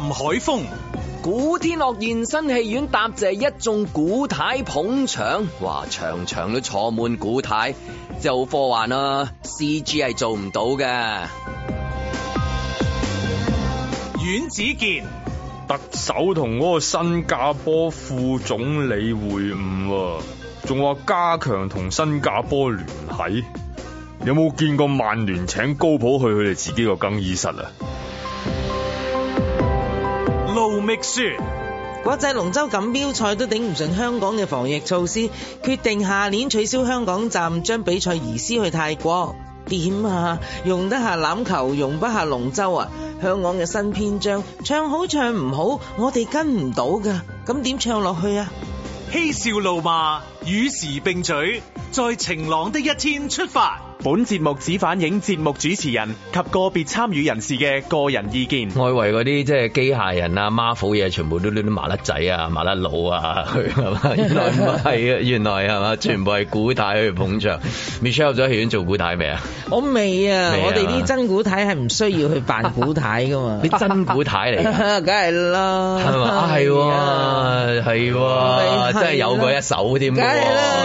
林海峰，古天樂現身戲院答謝一眾古太太捧場，哇，場場都坐滿古太，就科幻啊，CG 係做唔到嘅。阮子健，特首同嗰個新加坡副總理會晤，仲話加強同新加坡聯繫。有冇見過曼聯請高普去佢哋自己個更衣室啊？國際龍舟錦標賽都頂唔順香港嘅防疫措施，決定下年取消香港站，將比賽移師去泰國。點啊？容得下欖球，容不下龍舟啊！香港嘅新篇章，唱好唱唔好，我哋跟唔到噶，咁點唱落去啊？嬉笑怒罵。與時並舉，在晴朗的一天出發。本節目只反映節目主持人及個別參與人士嘅個人意見。外圍嗰啲即係機械人啊，媽腐嘢全部都攞啲麻甩仔啊，麻甩佬啊，佢係嘛？原來唔係啊，原來係嘛？全部係古太去捧場。Michelle，咗戲院做古太未啊？我未啊，我哋啲真古太係唔需要去扮古太噶嘛？ 你真古太嚟？梗係啦，係嘛？係、啊、係，真係有嗰一手添。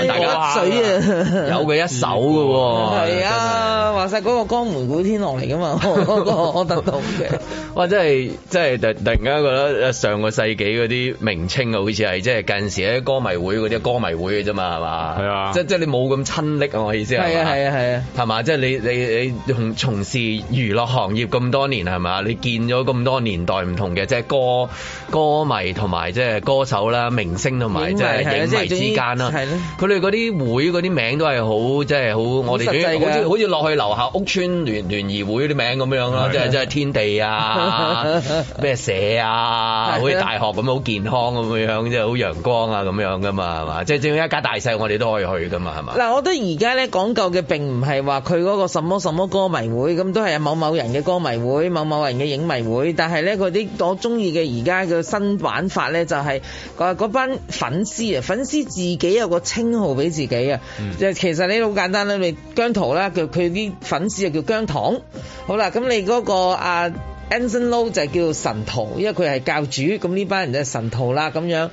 大家、哦、水啊，有佢一手噶、哦，係、嗯、啊。話曬嗰個江門古天樂嚟㗎嘛，我、那、我、個、我得到嘅。哇！真係真係突突然間覺得上個世紀嗰啲名稱啊，好似係即係近時喺歌迷會嗰啲歌迷會嘅啫嘛，係嘛、啊？即即係你冇咁親歷啊，我意思係。係啊係啊係啊。係嘛、啊啊？即係你，你，你從從事娛樂行業咁多年係嘛？你見咗咁多年代唔同嘅，即係歌，歌迷同埋即係歌手啦、明星同埋即係影迷之間啦。係呢、啊？佢哋嗰啲會嗰啲名都係好即係好，我哋好似好似落去樓。學校屋邨聯聯誼會啲名咁樣啦，即係即係天地啊，咩 社啊，好似大學咁好健康咁樣，即係好陽光啊咁樣噶嘛，係嘛？即係正一家大細，我哋都可以去噶嘛，係嘛？嗱，我覺得而家咧講究嘅並唔係話佢嗰個什麼什麼歌迷會咁，都係某某人嘅歌迷會、某某人嘅影迷會。但係咧，嗰啲我中意嘅而家嘅新玩法咧，就係嗰班粉絲啊，粉絲自己有個稱號俾自己啊。就、嗯、其實你好簡單啦，你姜濤啦，佢佢啲。粉絲就叫姜糖，好啦，咁你嗰個阿 Anson Lo 就叫神徒，因為佢係教主，咁呢班人就神徒啦，咁樣，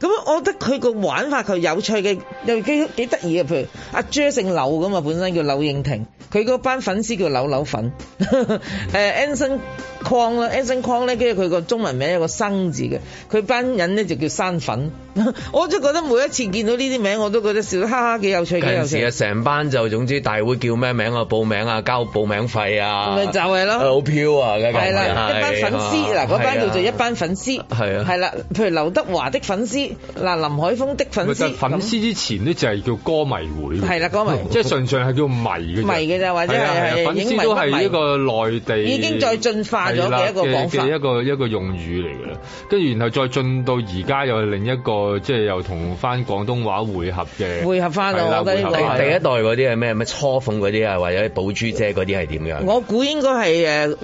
咁我覺得佢個玩法佢有趣嘅，又幾幾得意嘅，譬如阿 Jer 姓柳咁啊，本身叫柳應廷，佢嗰班粉絲叫柳柳粉，誒 Anson 框啦，Anson 框咧，跟住佢個中文名有個生字嘅，佢班人咧就叫生粉。 我就覺得每一次見到呢啲名字，我都覺得笑哈哈，幾有趣，幾有趣。有時啊，成班就總之大會叫咩名啊，報名啊，交報名費啊，咪就係、是、咯，好飄啊，梗係啦，一班粉絲嗱，嗰、uh, 班叫做一班粉絲，係啊，係啦，譬如劉德華的粉絲，嗱林海峰的粉絲，粉絲之前呢就係叫歌迷會，係啦，歌迷， 即係純粹係叫迷嘅迷嘅咋，或者係粉絲都係呢個內地已經在進化。一個嘅一個一，個一個用語嚟嘅啦，跟住然後再進到而家又係另一個，即係又同翻廣東話匯合嘅。匯合翻我覺得第一代嗰啲係咩咩初鳳嗰啲啊，或者寶珠姐嗰啲係點樣？我估應該係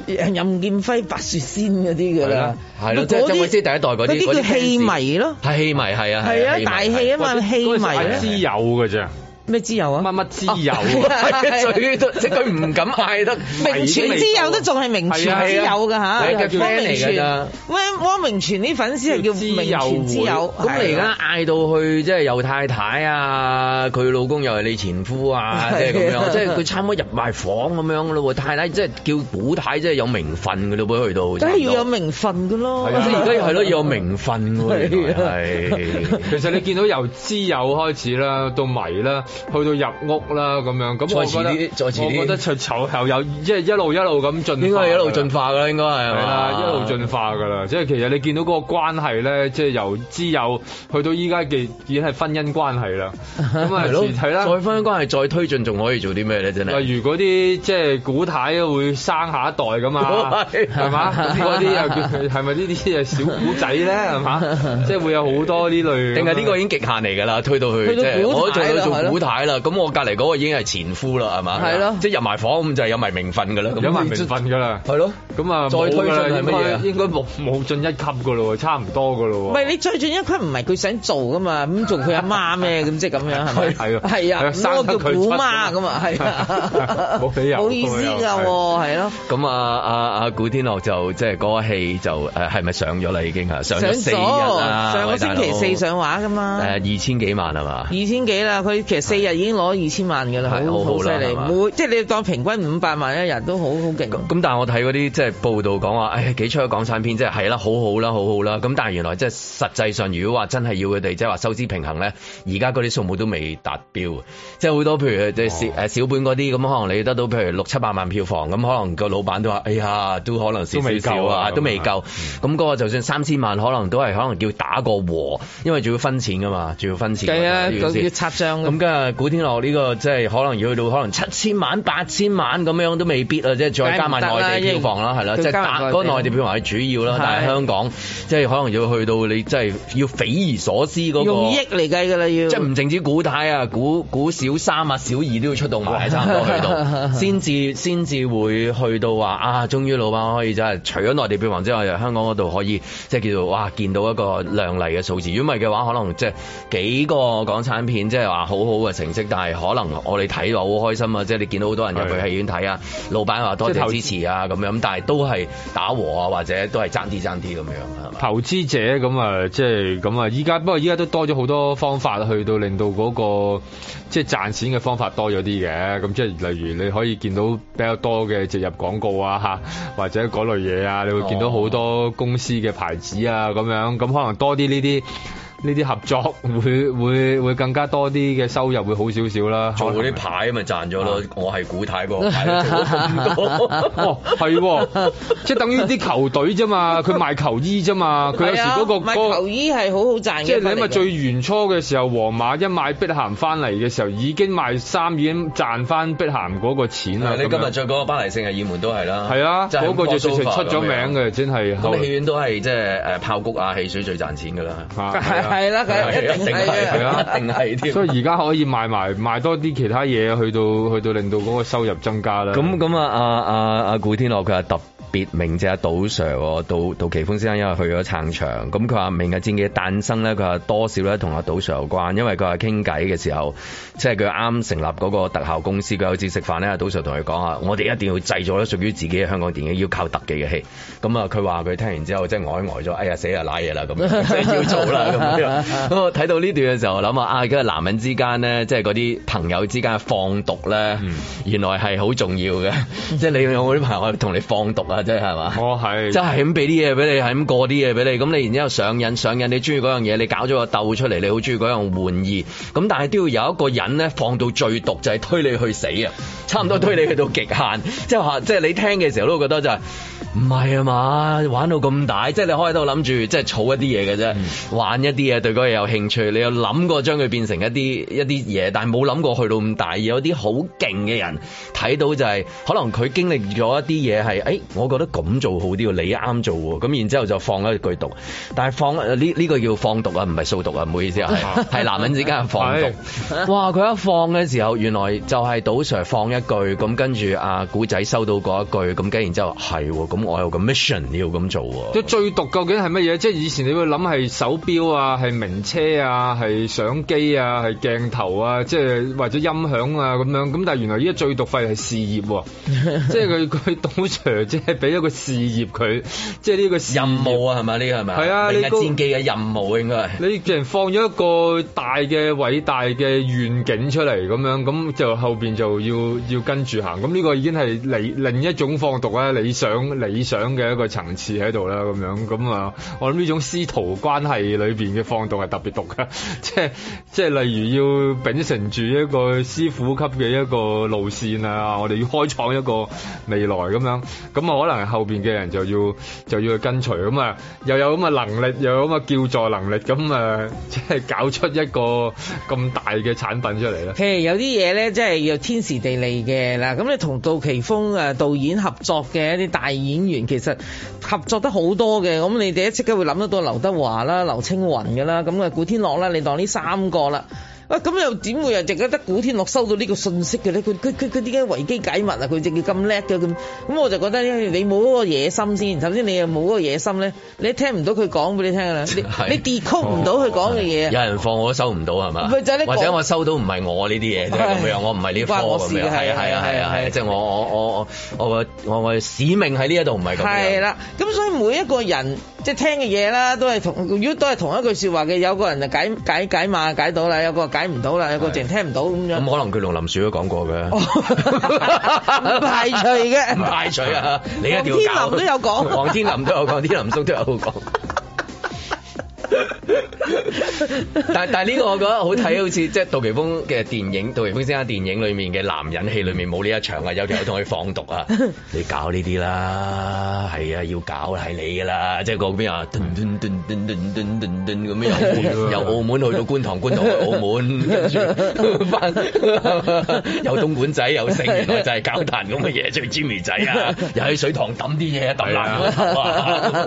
任劍輝、白雪仙嗰啲嘅啦。係咯、啊，即係有第一代嗰啲？嗰啲叫戲迷咯、啊。戲迷係啊係啊，大戲啊嘛，戲迷。嗰啲、啊啊啊啊啊啊啊、有嘅啫、啊。咩之友啊？乜乜 之友？佢即佢唔敢嗌得名存之友，都仲係名存之友噶嚇。汪明荃。喂，汪明荃啲粉絲係叫名存之友。咁你而家嗌到去即係，有太太啊，佢老公又係你前夫啊，即係咁樣，即係佢差唔多入埋房咁樣咯喎。太太即係叫古太，即係有名分噶咯，會去到。梗係要有名分噶咯。而家係咯，要有名分喎、啊啊。其實你見到由之友開始啦，到迷啦。去到入屋啦咁樣，咁我覺得，我覺得從頭又一路一路咁進化，應該係一路進化㗎喇。應該係係啦，一路進化㗎喇。即係其實你見到嗰個關係呢，即係由知友去到依家嘅已經係婚姻關係啦。係咯，係 啦。再婚姻關係 再推進，仲可以做啲咩呢？真係例如啲即係古太會生下一代咁啊，係 咪？嗰啲又叫佢，係咪呢啲嘢小古仔呢，係咪？即 係 會有好多呢類。定係呢個已經極限嚟㗎啦，推到去即係、就是、我都做做睇啦，咁我隔籬嗰個已經係前夫啦，係嘛？係咯，即係入埋房咁就係有埋名分噶啦，有埋名分噶啦，係咯。咁啊，再推進係乜嘢啊？應該冇冇進一級噶咯，差唔多噶咯。唔係你再進一級唔係佢想做噶嘛？咁做佢阿媽咩？咁即係咁樣係咪？係啊，生得佢叫古媽咁啊，係啊，冇理由，冇意思噶，係咯。咁啊，阿阿古天樂就即係嗰個戲就誒係咪上咗啦？已經係上咗四日啦，上個星期四上畫噶嘛？誒，二千幾萬係嘛？二千幾啦，佢其實四。四日已經攞二千萬㗎啦，係好好犀利，每即係你當平均五百萬一日都好好勁。咁但係我睇嗰啲即係報道講話，唉幾出港產片即係係啦，好好啦，好好啦。咁但係原來即係、就是、實際上，如果話真係要佢哋即係話收支平衡咧，而家嗰啲數目都未達標，即係好多譬如即係小小本嗰啲咁，可能你得到譬如六七百萬票房咁，可能個老闆都話，哎呀，都可能少少啊，都未夠。咁嗰、嗯嗰個就算三千萬，可能都係可能叫打個和，因為仲要分錢㗎嘛，仲要分錢。係啊，要拆賬咁。古天樂呢、這個即係可能要去到可能七千萬八千萬咁樣都未必啊！即係再加埋內地票房啦，係啦，即係加嗰個內地票房係主要啦。但係香港即係可能要去到你即係要匪夷所思嗰、那個億嚟計㗎啦，要即係唔淨止古太啊、古古小三啊、小二都要出動埋、嗯、差唔多去到先至先至會去到話啊，終於老闆可以真係除咗內地票房之外，香港嗰度可以即係叫做哇見到一個亮麗嘅數字。如果唔係嘅話，可能即係幾個港產片即係話好好嘅成績，但係可能我哋睇落好開心啊！即係你見到好多人入去戲院睇啊，老闆話多謝投資支持啊咁樣，但係都係打和啊，或者都係爭啲爭啲咁樣係嘛。投資者咁啊，即係咁啊，依家不過依家都多咗好多方法去到令到嗰個即係賺錢嘅方法多咗啲嘅。咁即係例如你可以見到比較多嘅植入廣告啊，或者嗰類嘢啊，你會見到好多公司嘅牌子啊咁樣，咁可能多啲呢啲。呢啲合作會會會，會更加多啲，嘅收入會好少少啦。做嗰啲牌咪賺咗咯、啊。我係古太噃。就是、 哦，係對、哦， 即係等於啲球隊咋嘛，佢賣球衣咋嘛。佢有時嗰、那個、啊那個賣球衣係好好賺嘅。即係你咪最原初嘅時候，皇馬一賣碧咸返嚟嘅時候，已經賣衫已經賺返碧咸嗰個錢啦、啊。你今日著嗰個巴黎聖日耳門都係啦。係啊，嗰、就是啊那個就說出咗名嘅、啊，真係。好、那、多、個、戲院都係即係誒爆谷啊汽水最賺錢㗎啦。啊 係啦，佢一定係，係啊，一定係添。 所以而家可以賣埋賣多啲其他嘢，去到去到令到嗰個收入增加啦。咁咁啊，阿阿阿古天樂佢啊揼。別名就係阿杜 Sir 喎，杜杜琪峯先生因為去咗撐場，咁佢話《明日戰記》誕生咧，佢話多少咧同阿杜 Sir 有關，因為佢話傾偈嘅時候，即係佢啱成立嗰個特效公司，佢有次食飯咧，阿杜 Sir 同佢講啊，我哋一定要製造咧屬於自己嘅香港電影，要靠特技嘅戲。咁啊，佢話佢聽完之後即係呆呆咗，哎呀死啊，瀨嘢啦，咁即係要做啦。咁 我睇到呢段嘅時候諗啊，啊，咁男人之間咧，即係嗰啲朋友之間放毒咧，原來係好重要嘅，即係你有冇啲朋友同你放毒啊？啫係嘛？我、oh，係，即係咁俾啲嘢俾你，係咁過啲嘢俾你，咁你然之後上癮，上癮，你中意嗰樣嘢，你搞咗個竇出嚟，你好中意嗰樣玩意，咁但係都要有一個人咧，放到最毒就係、是、推你去死啊！差唔多推你去到極限，即係話，即係你聽嘅時候都會覺得就係唔係啊嘛？玩到咁大，即、就、係、是、你開喺度諗住，即係儲一啲嘢嘅啫，玩一啲嘢對嗰樣有興趣，你又諗過將佢變成一啲一啲嘢，但係冇諗過去到咁大，有啲好勁嘅人睇到就係、是、可能佢經歷咗一啲嘢係，誒，我。覺得咁做好啲喎，你啱做喎，咁然之後就放一句毒，但係放呢呢、這個叫放毒啊，唔係掃毒啊，唔好意思啊，係男人之間放毒。 哇！佢一放嘅時候，原來就係賭 Sir 放一句，咁跟住阿古仔收到嗰一句，咁跟然之後係喎，咁我有個 mission 你要咁做。即係最毒究竟係乜嘢？即係以前你會諗係手錶啊，係名車啊，係相機啊，係鏡頭啊，即係或者音響啊咁樣。咁但係原來依家最毒費係事業， 即係佢佢賭 Sir 即俾一個事業佢，即係呢個任務啊，係咪呢個係咪？係啊，呢個戰機嘅任務應該係你既然放咗一個大嘅偉大嘅願景出嚟，咁樣，咁就後邊就要要跟住行。咁呢個已經係理另一種放毒啊，理想理想嘅一個層次喺度啦。咁樣咁啊，我諗呢種師徒關係裏邊嘅放毒係特別毒嘅，即係即係例如要秉承住一個師傅級嘅一個路線啊，我哋要開創一個未來咁樣咁啊。那可能後邊嘅人就要就要去跟隨咁啊，又有咁嘅能力，又有咁嘅叫座能力，咁啊，即係搞出一個咁大嘅產品出嚟。其實，有啲嘢咧，即係要天時地利嘅啦。咁你同杜琪峰啊導演合作嘅一啲大演員，其實合作得好多嘅。咁你哋一即刻會諗得到劉德華啦、劉青雲噶啦，咁啊古天樂啦，你當呢三個啦。啊咁又點會啊？淨係得古天樂收到呢個信息嘅咧？佢佢佢佢點解維基解密啊？佢直接咁叻嘅咁咁，我就覺得咧，你冇嗰個野心先。首先你又冇嗰個野心咧，你聽唔到佢講俾你聽啦。你 D 你 decode 唔到佢講嘅嘢。有人放我都收唔到係嘛，就是？或者我收到唔係我呢啲嘢，即、就、係、是、我唔係呢科關我事樣係啊係即係我我我我我我使命喺呢一度唔係咁。係啦，咁所以每一個人即係、就是、聽嘅嘢啦，都係同如果都係同一句説話嘅，有個人解解解，解解碼解到啦，有個。解唔到啦，有個成聽唔到咁樣。咁可能佢同林叔都講過嘅。 排除嘅，排除啊！ 你黃天林都有講，黃天林都有講，啲 林叔都有講。 但但呢個我覺得好睇，好似即係杜琪峰嘅電影，杜琪峰先生電影裏面嘅男人戲裏面冇呢一場啊，有條友同佢放毒啊，你搞呢啲啦，係啊，要搞係你噶啦，即係嗰邊啊？咁樣 由澳門去到觀塘，觀塘去澳門， 跟住有東莞仔，有城原來就係搞壇咁嘅嘢，仲 Jimmy 仔啊，又喺水塘揼啲嘢，揼爛咗頭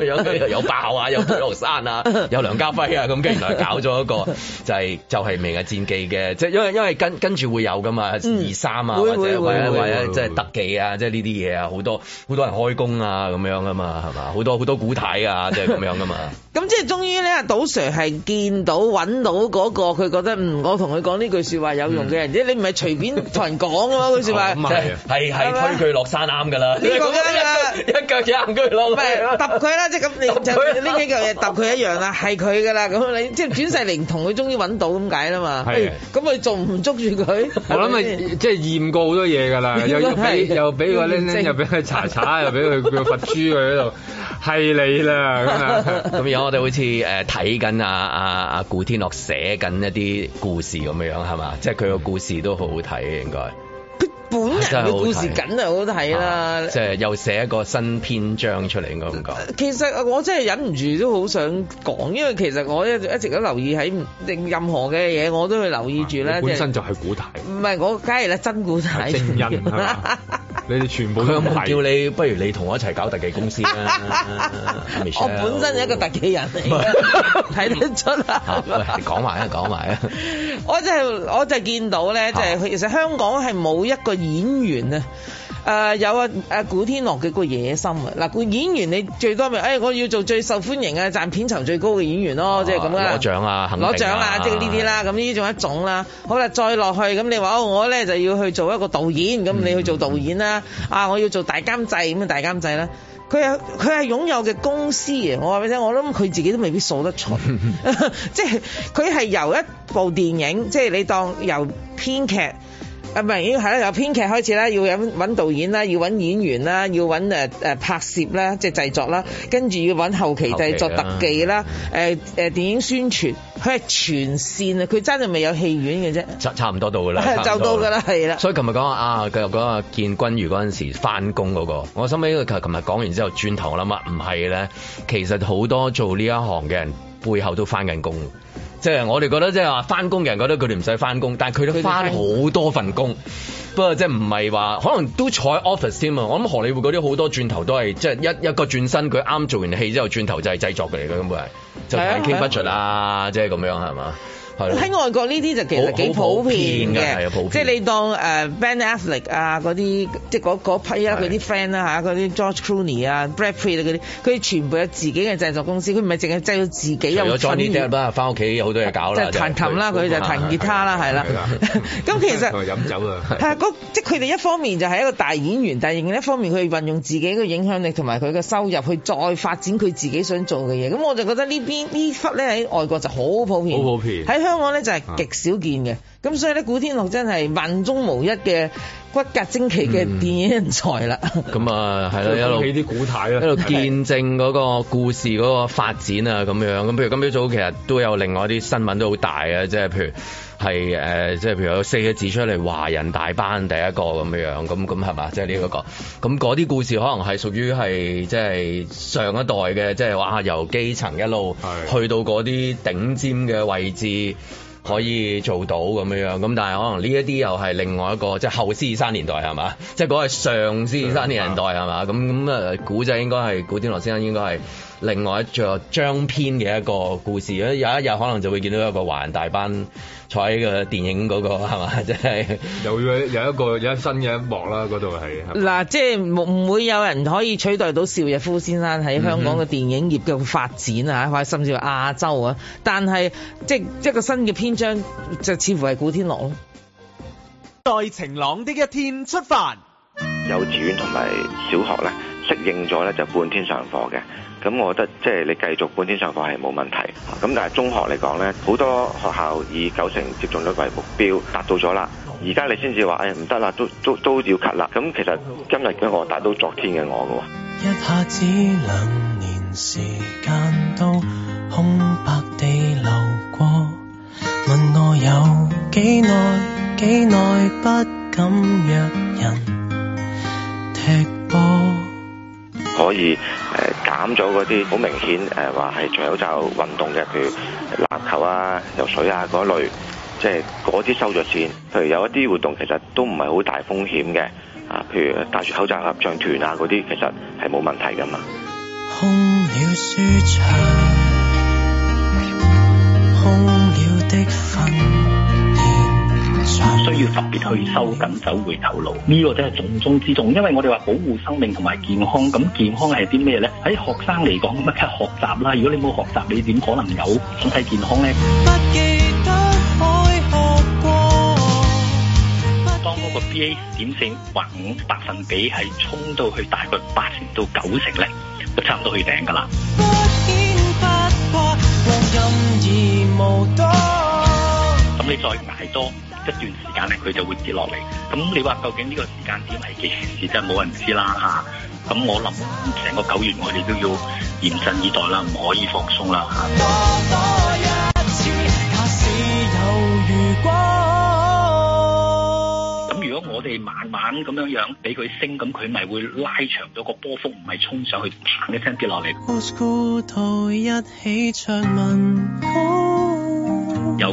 有有有爆啊，有推落山啊，梁家輝啊，咁跟然來搞咗一個就係、是、就係、是《明日戰記》嘅，即係因為因為跟跟住會有噶嘛、嗯，二三啊或者會會會會會會會或者或者即係特技啊，即係呢啲嘢啊，好多好多人開工啊咁樣噶嘛，係、啊就是、嘛？好多好多古體啊，即係咁樣噶嘛。咁即係終於咧，阿賭 Sir 係見到揾到嗰個，佢覺得嗯，我同佢講呢句説話有用嘅人啫。你唔係隨便同人講㗎嘛？嗰説話係係推佢落山啱㗎啦。你講啦，一腳踩唔住咯。唔係揼佢啦，即係咁，你呢幾腳嘢揼佢一樣啦，係佢㗎啦。咁你即係轉世靈童，佢終於揾到咁解啦嘛。係。咁佢仲唔捉住佢？我諗咪即係驗過好多嘢㗎啦。又俾又俾個靚靚，又俾佢查查，又俾佢佢發豬佢喺度。係你啦，咁樣我哋好似誒睇緊啊啊啊，古天樂寫緊一啲故事咁樣，係嘛？即係佢個故事都好好睇嘅，應該。本人嘅故事梗係好睇啦，即係又寫一個新篇章出嚟，應該咁講。其實我真係忍唔住都好想講，因為其實我一一直都留意喺定任何嘅嘢，我都會留意住咧。本身就係古仔，唔係我，梗係啦，真古仔。聲音，你哋全部佢有冇叫你？不如你同我一齊搞特技公司啦。我本身係一個特技人嚟嘅，睇得出啦。講埋啊，講埋啊！我真係我就係見到咧，就係其實香港係冇一個。演員啊，誒有啊，誒古天樂嘅個野心啊，嗱，演員你最多咪，就是，誒、哎、我要做最受歡迎嘅，賺片酬最高嘅演員咯，即係咁樣。攞獎啊，攞、就、獎、是、啊，即係呢啲啦，咁呢種一種啦。好啦，再落去咁你話我咧就要去做一個導演，咁你去做導演啦，嗯，啊我要做大監製，咁大監製啦。佢啊佢係擁有嘅公司，我話俾你聽，我諗佢自己都未必數得出，即係佢係由一部電影，即、就、係、是、你當由編劇。啊，唔係要係啦，由編劇開始找找找找啦，要揾揾導演啦，要揾演員啦，要揾誒誒拍攝啦，即係製作啦，跟住要揾後期製作特技啦，誒誒電影宣傳，佢係全線啊！佢真係未有戲院嘅啫，差差唔多到㗎啦，就到㗎啦，係啦。所以琴日講啊，繼續講啊，見君如嗰陣時翻工嗰個，我心諗佢琴琴日講完之後轉頭，我諗啊，唔係咧，其實好多做呢一行嘅人背後都翻緊工。即係我哋覺得即係話翻工嘅人覺得佢哋唔使翻工，但係佢都翻好多份工。不過即係唔係話可能都坐喺 office 添啊！我諗荷里活嗰啲好多轉頭都係即係一一個轉身，佢啱做完戲之後轉頭就係製作嚟嘅，咁本係就係 keep 不出啦，即係咁樣係嘛？喺外國呢啲就其實幾普遍嘅，即係你當誒 Ben Affleck 啊嗰啲，即係嗰批啊，佢啲 friend 啦嚇，嗰、就、啲、是啊、George Clooney 啊 Brad Pitt 啊嗰啲，佢全部有自己嘅製作公司，佢唔係淨係製到自己又。除咗 Johnny Depp 翻屋企有好多嘢搞啦。即、就、係、是、彈琴啦，佢就彈吉他啦，係啦。咁其實飲酒係啊，嗰即佢哋一方面就係一個大演員，但 係另一方面佢運用自己嘅影響力同埋佢嘅收入去再發展佢自己想做嘅嘢。咁我就覺得呢邊呢忽咧喺外國就好普遍。好普遍。喺香港咧就係極少見嘅。啊咁所以咧，古天樂真係萬中無一嘅骨格精奇嘅電影人才啦、嗯。咁啊，係啦、啊，一路起啲古態啦，一路見證嗰個故事嗰個發展啊，咁樣。咁、嗯、譬如今朝早其實都有另外一啲新聞都好大啊。即係譬如係誒，即係譬如有四個字出嚟，華人大班第一個咁樣樣，咁咁係嘛？即係呢個個。咁嗰啲故事可能係屬於係即係上一代嘅，即係話由基層一路去到嗰啲頂尖嘅位置。可以做到咁樣樣咁，但係可能呢一啲又係另外一個，即係後師三年代係嘛？即係嗰個係上師三年代係嘛？咁咁啊，古仔應該係古天樂先生應該係。另外一隻章篇嘅一個故事，有一日可能就會見到一個華人大班坐喺個電影嗰、嗰個係嘛，即係有個有一個有一個新嘅一幕啦，嗰度係嗱，即係唔會有人可以取代到邵逸夫先生喺香港嘅電影業嘅發展啊，或、mm -hmm. 甚至話亞洲啊，但係即係一個新嘅篇章就似乎係古天樂咯，在晴朗的一天出發。幼稚園同埋小學咧，適應咗咧就半天上課嘅，咁我覺得即係你繼續半天上課係冇問題。咁但係中學嚟講咧，好多學校以九成接種率為目標，達到咗啦，而家你先至話，誒唔得啦，都都都要 cut 啦。咁其實今日嘅我，達到昨天嘅我嘅喎。一下子兩年時間都空白地流過，問我有幾耐？幾耐不敢約人？波可以，誒減咗嗰啲好明顯，誒話係著口罩運動嘅，譬如籃球啊、游水啊嗰類，即係嗰啲收著線。譬如有一啲活動其實都唔係好大風險嘅，啊，譬如戴住口罩合唱團啊嗰啲，其實係冇問題㗎嘛。空了書冊，空了的。需要特別去收緊走回頭路，呢個真係重中之重。因為我哋話保護生命同埋健康，咁健康係啲咩咧？喺學生嚟講，咁啊學習啦。如果你冇學習，你點可能有身體健康咧？當嗰個 BA 點性或五百分比係衝到去大概八成到九成咧，都差唔多可以頂噶啦。咁你再捱多一段時間咧，佢就會跌落嚟。咁你話究竟呢個時間點係幾時？真係冇人知啦吓，咁、啊、我諗成個九月我哋都要嚴陣以待啦，唔可以放鬆啦嚇。咁、啊、如，如果我哋慢慢咁樣樣俾佢升，咁佢咪會拉長咗個波幅，唔係衝上去嘭一聲跌落嚟。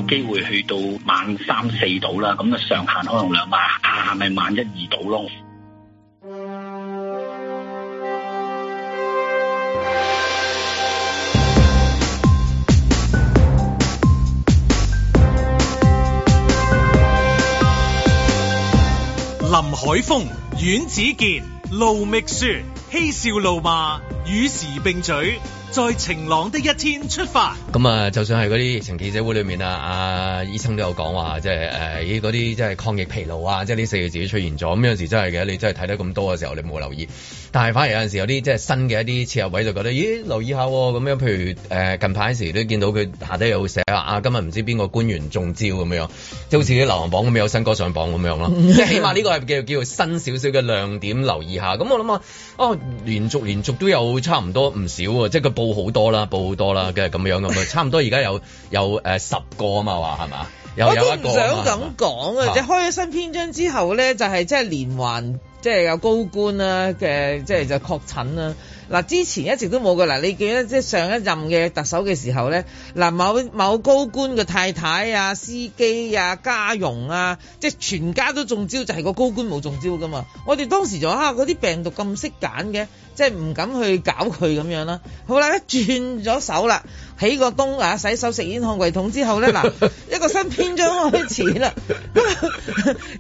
機會去到萬三四度啦，咁啊上限可能兩萬，下咪萬一二度咯。林海峰、阮子健、盧覓雪、嬉笑怒罵，與時並嘴。在晴朗的一天出發。咁啊，就算係嗰啲疫情記者會裏面啊，阿醫生都有講話，即係誒啲嗰啲即係抗疫疲勞啊，即係呢四個字都出現咗。咁有陣時真係嘅，你真係睇得咁多嘅時候，你冇留意。但係反而有陣時有啲即係新嘅一啲切入位，就覺得，咦，留意下咁、哦、樣。譬如誒、啊、近排時都見到佢下低有寫話啊，今日唔知邊個官員中招咁樣，即好似啲流行榜咁有新歌上榜咁樣咯。即、yeah. 係起碼呢個係叫做叫做新少少嘅亮點，留意下。咁我諗啊，哦，連續連續都有差唔多唔少啊，即係佢報好多啦，報好多啦，嘅咁樣咁嘛，差唔多而家有， 有，有有誒十個啊嘛，話係嘛，有啲唔想咁講啊！即係開咗新篇章之後咧，就係即係連環，即係有高官啦嘅，即係就確診啦。嗱，之前一直都冇噶，嗱，你記得即係上一任嘅特首嘅時候呢，嗱，某某高官嘅太太啊、司機啊、家傭啊，即係全家都中招，就係、是、個高官冇中招噶嘛。我哋當時就嚇，嗰、啊、啲病毒咁識揀嘅，即係唔敢去搞佢咁樣啦。好啦，一轉咗手啦。起個工啊！洗手、食煙、看櫃桶之後咧，嗱，一個新篇章開始啦。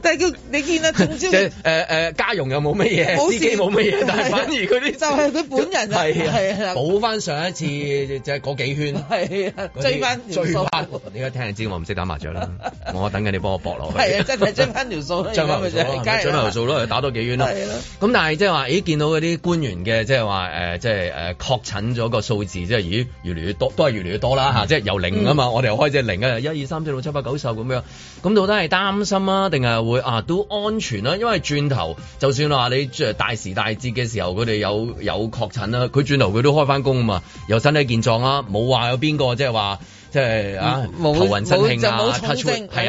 但係叫你見啦，今朝誒誒，家傭又冇乜嘢？司機冇乜嘢，但係反而佢啲就係佢本人就是啊，係係補翻上一次就係、是、嗰幾圈。係啊，追翻追翻。你而家聽就知我唔識打麻雀啦。我等緊你幫我搏落去。係啊，即係追翻條數追翻條數咯，追翻條數咯，啊、打多幾圈咯、啊。係咁、啊、但係即係話，咦？見到嗰啲官員嘅即係話誒，即係誒確診咗個數字，即係咦？越嚟越多。多係越嚟越多啦吓，即係由零啊嘛、嗯，我哋又開即零 1, 2, 3, 4, 5, 6, 8, 9, 10, 啊，一二三四六、七八九十咁樣，咁到底係擔心啊，定係會啊都安全啦？因為轉頭就算話你大時大節嘅時候佢哋有有確診啦，佢轉頭佢都開返工啊嘛，有身體健壯啊，冇話有邊個即係話。就是即係啊，頭暈身興啊，touch wood，係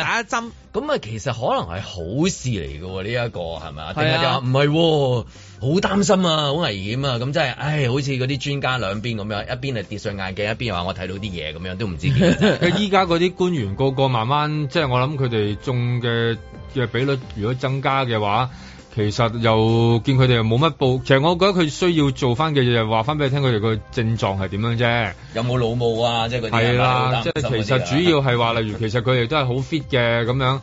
啊，一針啊，咁啊，其實可能係好事嚟㗎喎，呢一個係咪啊？係、這個、啊，唔係喎，好、啊、擔心啊，好危險啊，咁即係，唉，好似嗰啲專家兩邊咁樣，一邊係跌上眼鏡，一邊又話我睇到啲嘢咁樣，都唔知點。依家嗰啲官員個個慢慢，即、就、係、是、我諗佢哋中嘅嘅比率，如果增加嘅話。其實又見佢哋又冇乜報，其實我覺得佢需要做翻嘅嘢，就話翻俾你聽，佢哋個症狀係點樣啫？有冇腦霧啊？即係嗰啲係啦，即係其實主要係話，例如其實佢哋都係好 fit 嘅咁樣。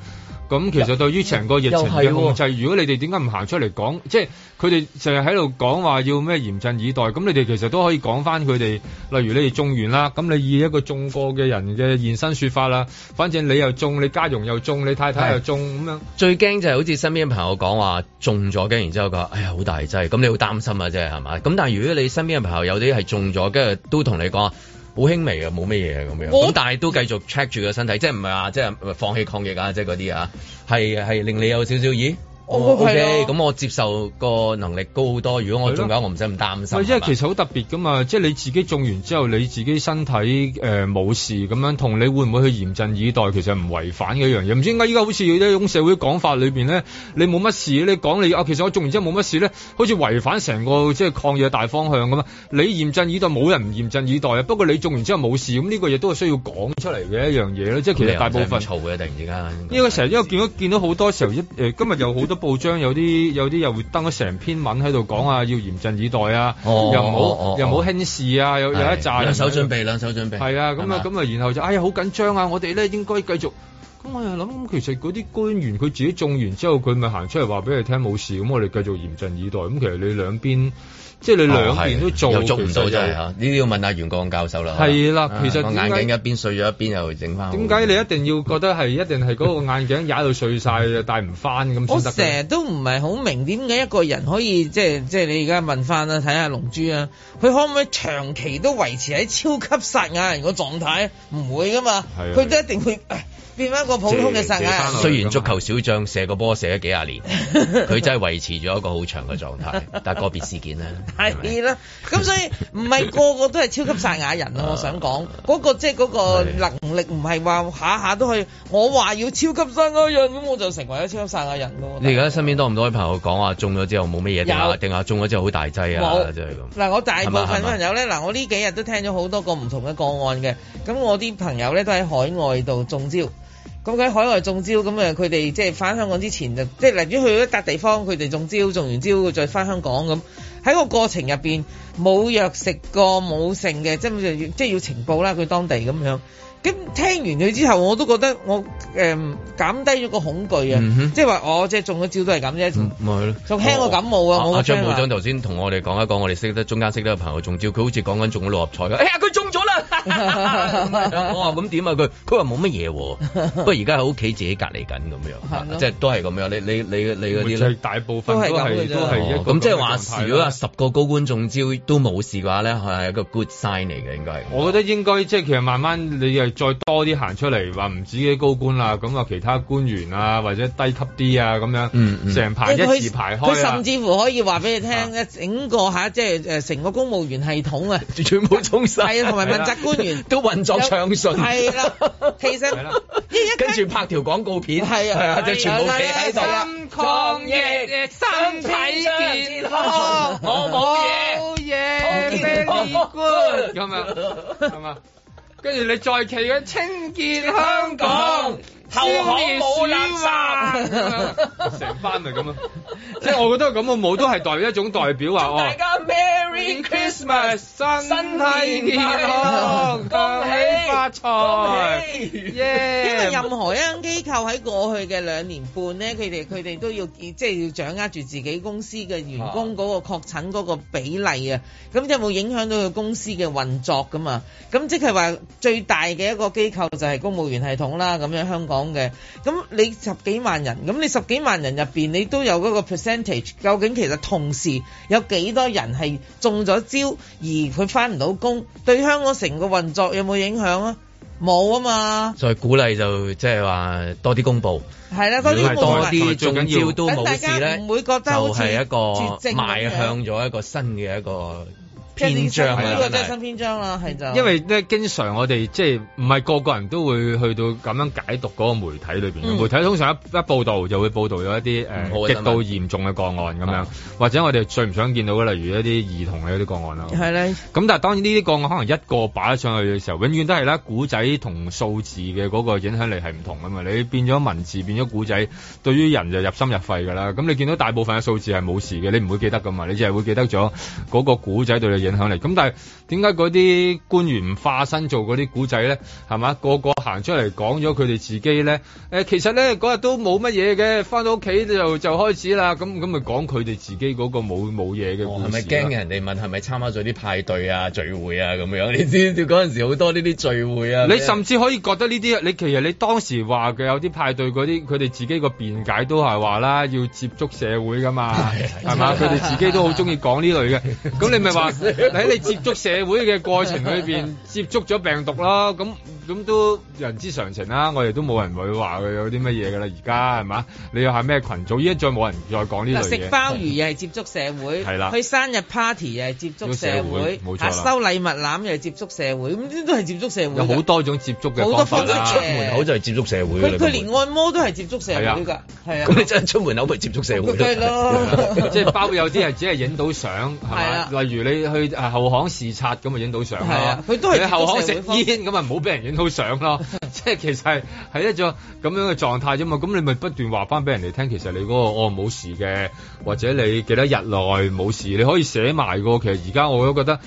咁其實對於成個疫情嘅控制，如果你哋點解唔行出嚟講，即係佢哋成日喺度講話要咩嚴陣以待，咁你哋其實都可以講翻佢哋，例如你哋中完啦，咁你以一個中過嘅人嘅現身說法啦，反正你又中，你家傭又中，你太太又中。咁樣，最驚就係好似身邊嘅朋友講話中咗驚，然之後佢話哎呀好大劑，咁你好擔心啊，啫，係咪？咁但係如果你身邊嘅朋友有啲係中咗，跟住都同你講。好輕微啊，冇乜嘢咁樣，咁但係都繼續 check 住個身體，即係唔係話即係放棄抗疫啊，即係嗰啲啊，係係令你有少少咦？O K，咁我接受個能力高好多。如果我仲有、嗯、我唔使咁擔心。因為其實好特別噶嘛，即係、嗯、你自己種完之後，你自己身體誒冇、呃、事咁樣，同你會唔會去嚴陣以待，其實唔違反嘅一樣嘢。唔知點解依家好似啲種社會講法裏面咧，你冇乜事，你講你、啊、其實我種完之後冇乜事咧，好似違反成個即係抗疫大方向咁啊！你嚴陣以待，冇人唔嚴陣以待啊。不過你種完之後冇事，咁呢個亦都係需要講出嚟嘅一樣嘢咯。即係其實大部分嘈嘅，突然之間。成日因為因為見見見到到好多時候、呃，今日有好多。報章有啲有啲又會登咗成篇文喺度講啊，要嚴陣以待啊，哦、又唔好、哦哦、又唔好輕視啊，又有一紮兩手準備兩手準備係啊，咁啊咁啊，然後就哎呀好緊張啊，我哋咧應該繼續咁、嗯，我又諗其實嗰啲官員佢自己種完之後，佢咪行出嚟話俾你聽冇事，咁我哋繼續嚴陣以待。咁其實你兩邊。即係你兩邊都做、啊、又做唔到真係吓呢啲要問阿袁剛教授啦。係啦、啊，其實眼鏡一邊碎咗一邊又整翻。點解你一定要覺得係 一定係嗰個眼鏡踩到碎晒，就戴唔翻咁先得？我成日都唔係好明點解一個人可以即係即係你而家問翻啦，睇下龍珠啊，佢可唔可以長期都維持喺超級撒亞人嘅狀態？唔會噶嘛，佢都一定會。變翻個普通嘅晒亞人啊！雖然足球小將射個波射咗幾廿年，佢真係維持咗一個好長嘅狀態，但係個別事件咧，係 啦是吧，咁 所以唔係個個都係超級晒亞人、啊、我想講嗰、uh, 嗰個即係嗰個能力，唔係話下下都係我話要超級薩亞人，咁我就成為咗超級晒亞人咯。你而家身邊多唔多啲朋友講話中咗之後冇咩嘢定定下中咗之後好大劑啊？真係咁。嗱，我大部分朋友咧，嗱，我呢幾日都聽咗好多個唔同嘅個案嘅。咁我啲朋友咧都喺海外度中招。咁喺海外中招，咁啊佢哋即係返香港之前就即係嚟咗去一笪地方，佢哋中招，中完招再返香港咁。喺個過程入邊，冇藥食過冇剩嘅，即係要即係要情報啦，佢當地咁樣。咁聽完佢之後，我都覺得我誒、嗯、減低咗個恐懼啊！即係話我即係中咗招都係咁啫，仲、嗯就是、輕過感冒、哦、啊！啊我張部長頭先同我哋講一講，我哋識得中間識得個朋友中招，佢好似講緊中咗六合彩㗎，哎呀佢中咗啦！我話咁點啊佢？佢話冇乜嘢喎， 不過而家喺屋企自己隔離緊咁樣，即 係 都係咁樣。你你你你嗰啲大部分都係咁，哦、即係話如果十個高官中招都冇事嘅話咧，係一個 good sign 嚟嘅，應該。我覺得應該即係、就是、其實慢慢你再多啲行出嚟，話唔止高官啦、啊，咁啊其他官員啊，或者低級啲啊，咁樣，成嗯嗯排一字排開佢、啊、甚至乎可以話俾你聽咧，整個吓即係誒，成、啊啊個，啊、個公務員系統啊，全部中晒啊，同埋問責官員、啊、都運作暢順，係啦，其實， 跟住拍條廣告片，係啊，即係、啊啊、全部企喺度啦。抗疫、啊，身、啊啊啊啊、體健康，我冇嘢，我冇嘢 b o d 咁樣，係嘛。跟住你再企嘅清潔香港。清清香港口好冇啦，成班咪咁啊！即係我覺得咁嘅舞都係代表一種代表啊！大家 Merry Christmas，身體健康，恭喜發財耶！Yeah, 因為任何一間機構喺過去嘅兩年半咧，佢哋佢哋都要即係、就是、要掌握住自己公司嘅員工個確診個比例啊！咁即係冇影響到佢公司嘅運作噶嘛？咁即係話最大嘅一個機構就係公務員系統啦，咁樣香港。講嘅，咁你十幾萬人，咁你十幾萬人入邊，你都有嗰個 percentage，究竟其實同時有幾多人係中咗招，而佢翻唔到工，對香港成個運作有冇影響啊？冇啊嘛，再鼓勵就即係話多啲公布，係啦、啊，多啲，多啲重要都冇事咧，就係、是、一個邁向咗一個新嘅一個。篇章啊，呢個即係新篇章啦，係就因為咧，經常我哋即係唔係個個人都會去到咁樣解讀嗰個媒體裏邊、嗯。媒體通常一一報導就會報導咗一啲誒、嗯、極度嚴重嘅個案咁樣，或者我哋最唔想見到嘅，例如一啲兒童嘅嗰啲個案啦。係、嗯、咧。咁、那個、但係當然呢啲個案可能一個擺上去嘅時候，永遠都係咧，古仔同數字嘅嗰個影響力係唔同噶嘛。你變咗文字，變咗古仔，對於人就入心入肺㗎啦。咁你見到大部分嘅數字係冇事嘅，你唔會記得㗎嘛。你只係會記得咗嗰個古仔對你影響，咁，但係點解嗰啲官員化身做嗰啲古仔咧？係嘛，個個行出嚟講咗佢哋自己咧。誒、呃，其實咧嗰日都冇乜嘢嘅，返到屋企就就開始啦。咁咁咪講佢哋自己嗰個冇冇嘢嘅。係咪驚人哋問係咪參加咗啲派對啊聚會啊咁樣？你知唔知嗰陣時好多呢啲聚會啊。你甚至可以覺得呢啲，你其實你當時話嘅有啲派對嗰啲，佢哋自己個辯解都係話啦，要接觸社會㗎嘛，係 嘛是吧？佢 哋自己都好中意講呢類嘅。咁你咪話？ 喺你接觸社會嘅過程裏邊，接觸咗病毒啦，咁咁都人之常情啦。我哋都冇人會話佢有啲乜嘢㗎啦。而家係嘛？你又係咩羣組？依家再冇人再講呢類嘢。食鮑魚又係接觸社會，係啦。去生日 party 又係接觸社會，冇錯啦。收禮物攬又係接觸社會，咁呢啲都係接觸社會。有好多種接觸嘅方法啦。出門口就係接觸社會。佢佢連按摩都係接觸社會㗎，係啊。咁你真係出門口咪接觸社會都係咯。即係包括有啲係只係影到相，係嘛？例如你去。後巷視察咁咪影到相啦。佢、啊、都係後巷食煙，咁咪唔好俾人影到相咯。即 係其實係一種咁樣嘅狀態啫嘛。咁你咪不斷話翻俾人哋聽，其實你嗰、嗰個哦冇事嘅，或者你幾多日內冇事，你可以寫埋個。其實而家我都覺得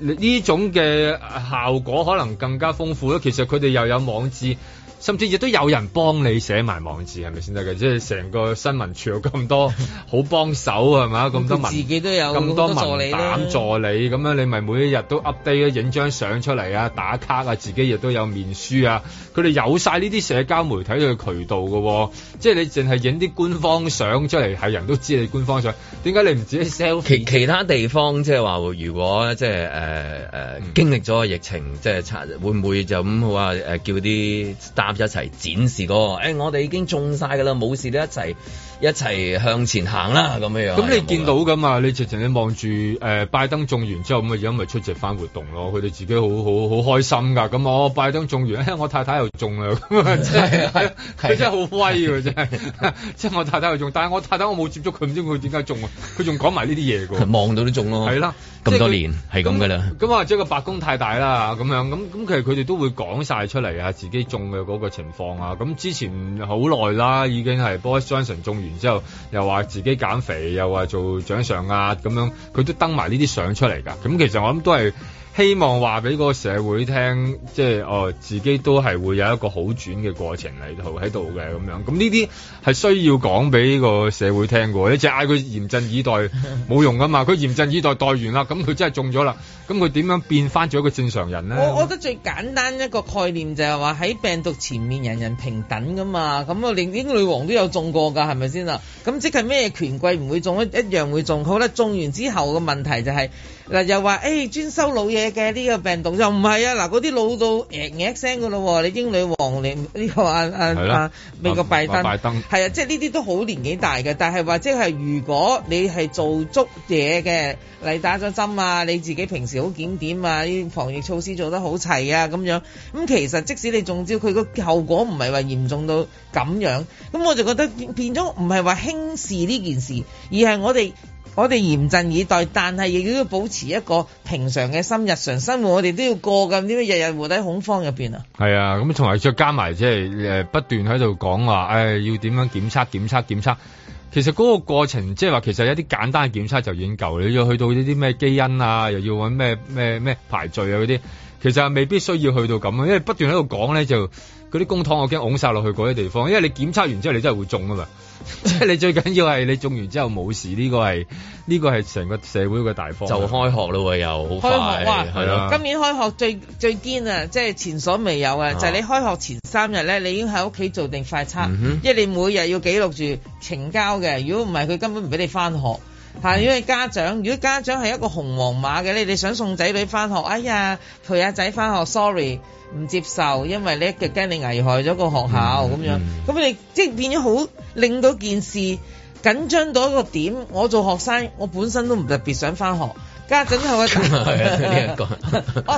呢種嘅效果可能更加豐富咯。其實佢哋又有網誌。甚至亦都有人幫你寫埋網誌，係咪先得嘅？即係成個新聞處有咁多好 幫手係咪？咁多文自己都有咁多助理多膽助理咁、啊、樣，你咪每一日都 update 影張相出嚟啊，打卡啊，自己亦都有面書啊。佢哋有曬呢啲社交媒體嘅渠道嘅、哦，即係你淨係影啲官方相出嚟，係人都知你官方相。點解你唔自己 sell？其其他地方即係話，如果即係誒、呃、經歷咗疫情，即係會唔會就咁話、呃、叫啲一齊展示嗰個，誒、哎，我哋已經種晒噶啦，冇事咧，一齊一齊向前行啦，咁樣樣。咁你見到噶嘛？你直情你望住，誒、呃，拜登種完之後，咁而家咪出席翻活動咯。佢哋自己好好好開心噶。咁我拜登種完、哎，我太太又種 真係 啊，真係，佢真係好威噶，真係。即係我太太又種，但係我太太我冇接觸佢，唔知佢點解種啊。佢仲講埋呢啲嘢噶，望到都種咯。係啦。咁多年係咁嘅啦，咁即係個白宮太大啦，咁樣咁咁其實佢哋都會講曬出嚟啊，自己種嘅嗰個情況啊，咁之前好耐啦，已經係 Boris Johnson 種完之後，又話自己減肥，又話做掌上壓啊，咁樣佢都登埋呢啲相出嚟㗎，咁其實我諗都係。希望話俾個社會聽，即係哦，自己都係會有一個好轉嘅過程喺度喺度嘅咁樣。咁呢啲係需要講俾個社會聽嘅。你淨嗌佢嚴陣以待冇用噶嘛？佢嚴陣以待待完啦，咁佢真係中咗啦。咁佢點樣變翻做一個正常人呢？我我覺得最簡單一個概念就係話喺病毒前面人人平等噶嘛。咁啊，連英女王都有中過噶，係咪先啦？咁即係咩權貴唔會中？一樣會中。好啦，中完之後嘅問題就係，是。嗱又話誒、哎、專收老嘢嘅呢個病毒就唔係啊嗱，嗰啲老到誒嘢聲嘅咯喎，你英女王你呢個啊啊，啊美國拜登係啊，啊拜登即係呢啲都好年紀大嘅，但係話即係如果你係做足嘢嘅嚟打咗針啊，你自己平時好檢點啊，呢啲防疫措施做得好齊啊咁樣，咁其實即使你中招，佢個後果唔係話嚴重到咁樣，咁我就覺得變變咗唔係話輕視呢件事，而係我哋。我哋嚴陣以待，但係亦都要保持一個平常嘅心，日常生活我哋都要過噶，點解日日活喺恐慌入邊啊？係啊，咁同埋再加埋即係誒，不斷喺度講話，誒，要點樣檢測、檢測、檢測？其實嗰個過程即係話，其實一啲簡單嘅檢測就已經夠，你要去到呢啲咩基因啊，又要搵咩咩咩排序啊嗰啲。其實係未必需要去到咁，因為不斷喺度講咧，就嗰啲公帑我驚㧬晒落去嗰啲地方。因為你檢測完之後，你真係會中啊嘛！即 係 你最緊要係你中完之後冇事，呢、這個係呢、這個係成個社會嘅大方。就開學咯喎，又快開學、啊、今年開學最最堅啊，即係前所未有啊。就係、是、你開學前三日咧，你已經喺屋企做定快測、嗯，因為你每日要記錄住呈交嘅。如果唔係，佢根本唔俾你翻學。嚇！如果家長，如果家長係一個紅黃馬嘅，你你想送仔女翻學，哎呀，陪阿仔翻學，sorry，唔接受，因為你極驚你危害咗個學校咁、嗯嗯、樣，咁你即係變咗好令到件事緊張到一個點，我做學生，我本身都唔特別想翻學。家陣係我啊！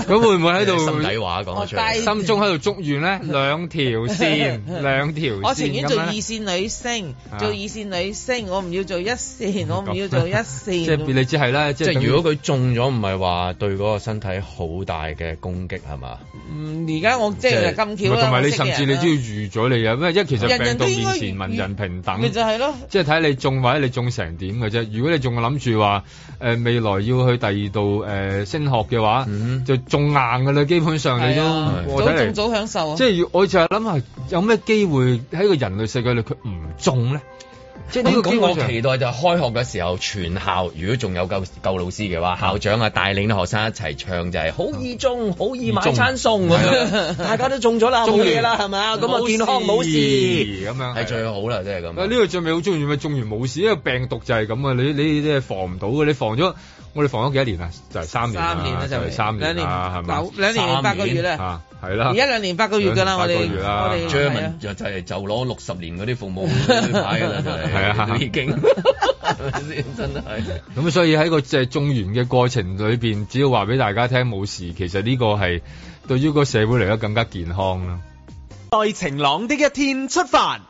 呢一個咁會唔會喺度心底話講得出？心中喺度捉怨咧，兩條線， 兩條線， 兩條線 我情願做二線女星，做二線女星，我唔要做一線，我唔要做一線。即係你知係啦，即係。如果佢中咗，唔係話對嗰個身體好大嘅攻擊係嘛？而家我即係咁巧同埋你甚至、啊、你都要預咗你啊！因為其實病毒面前，人人平等。 就係咯，即係睇你中或者你中成點嘅啫。如果你仲諗住話，誒未來要去。第二度誒、呃、升學嘅話，嗯、就仲硬㗎啦。基本上你都、啊、早我早，早享受，啊。即係我就係諗下有咩機會喺個人類世界裏，佢唔中咧？即係呢個咁，我期待就係開學嘅時候，全校如果仲有夠夠老師嘅話、嗯，校長啊帶領啲學生一齊唱就係、是、好易中，嗯、好易買餐餸咁樣，嗯啊、 大家都中咗啦，中嘢啦係咪？咁啊健康冇事咁樣係最好啦，即係咁。呢、呢個最尾好鍾意咪中完冇事，因為病毒就係咁啊！你你即係防唔到嘅，你防咗。我哋放咗幾多年啊？就係三年三年啊，就係三年兩年，係咪？兩年八個月呢？係啦，而家兩年八個月噶啦我哋我哋。James 就 s、是、就就攞六十年嗰啲服務買噶啦， 就係係啊， 就是、已經 真係咁，所以喺個即係種完嘅過程裏邊，只要話俾大家聽冇事，其實呢個係對於個社會嚟講更加健康啦。在晴朗的一天出發。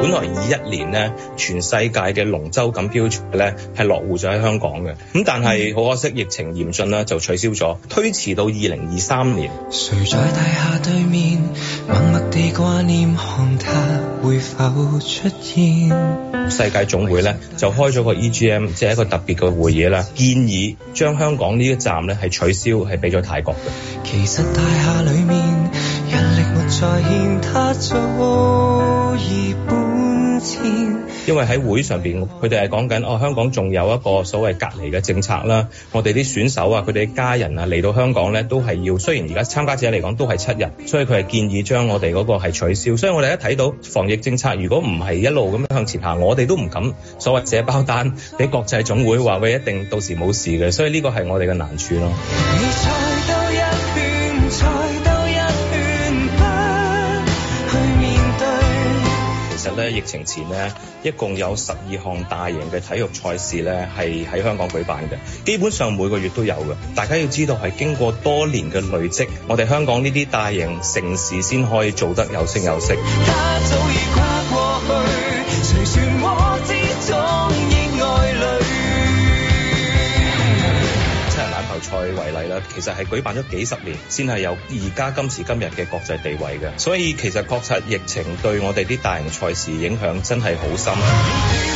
本來二一年呢，全世界嘅龍舟錦標賽呢係落戶咗喺香港嘅，咁但係好可惜疫情嚴峻啦，就取消咗，推遲到二零二三年。誰在大廈對面默默地掛念，看他會否出現？世界總會呢，就開咗個 EGM，即係一個特別嘅會議啦，建議將香港呢一站呢，係取消，係俾咗泰國嘅。其實大廈裡面人力沒在現，他早已。因為喺會上邊，佢哋係講緊哦，香港仲有一個所謂隔離嘅政策啦。我哋啲選手啊，佢哋嘅家人啊嚟到香港呢都係要，雖然而家參加者嚟講都係七日，所以佢係建議將我哋嗰個係取消。所以我哋一睇到防疫政策，如果唔係一路咁向前行，我哋都唔敢所謂寫包單俾國際總會，話喂，一定到時冇事嘅。所以呢個係我哋嘅難處咯。疫情前呢，一共有十二項大型嘅體育賽事呢，係喺香港舉辦嘅。基本上每個月都有嘅。大家要知道，係經過多年嘅累積，我哋香港呢啲大型城市先可以做得有聲有色。賽為例啦，其實係舉辦咗幾十年，先係有而家今時今日嘅國際地位嘅，所以其實確實疫情對我哋啲大型賽事影響真係好深。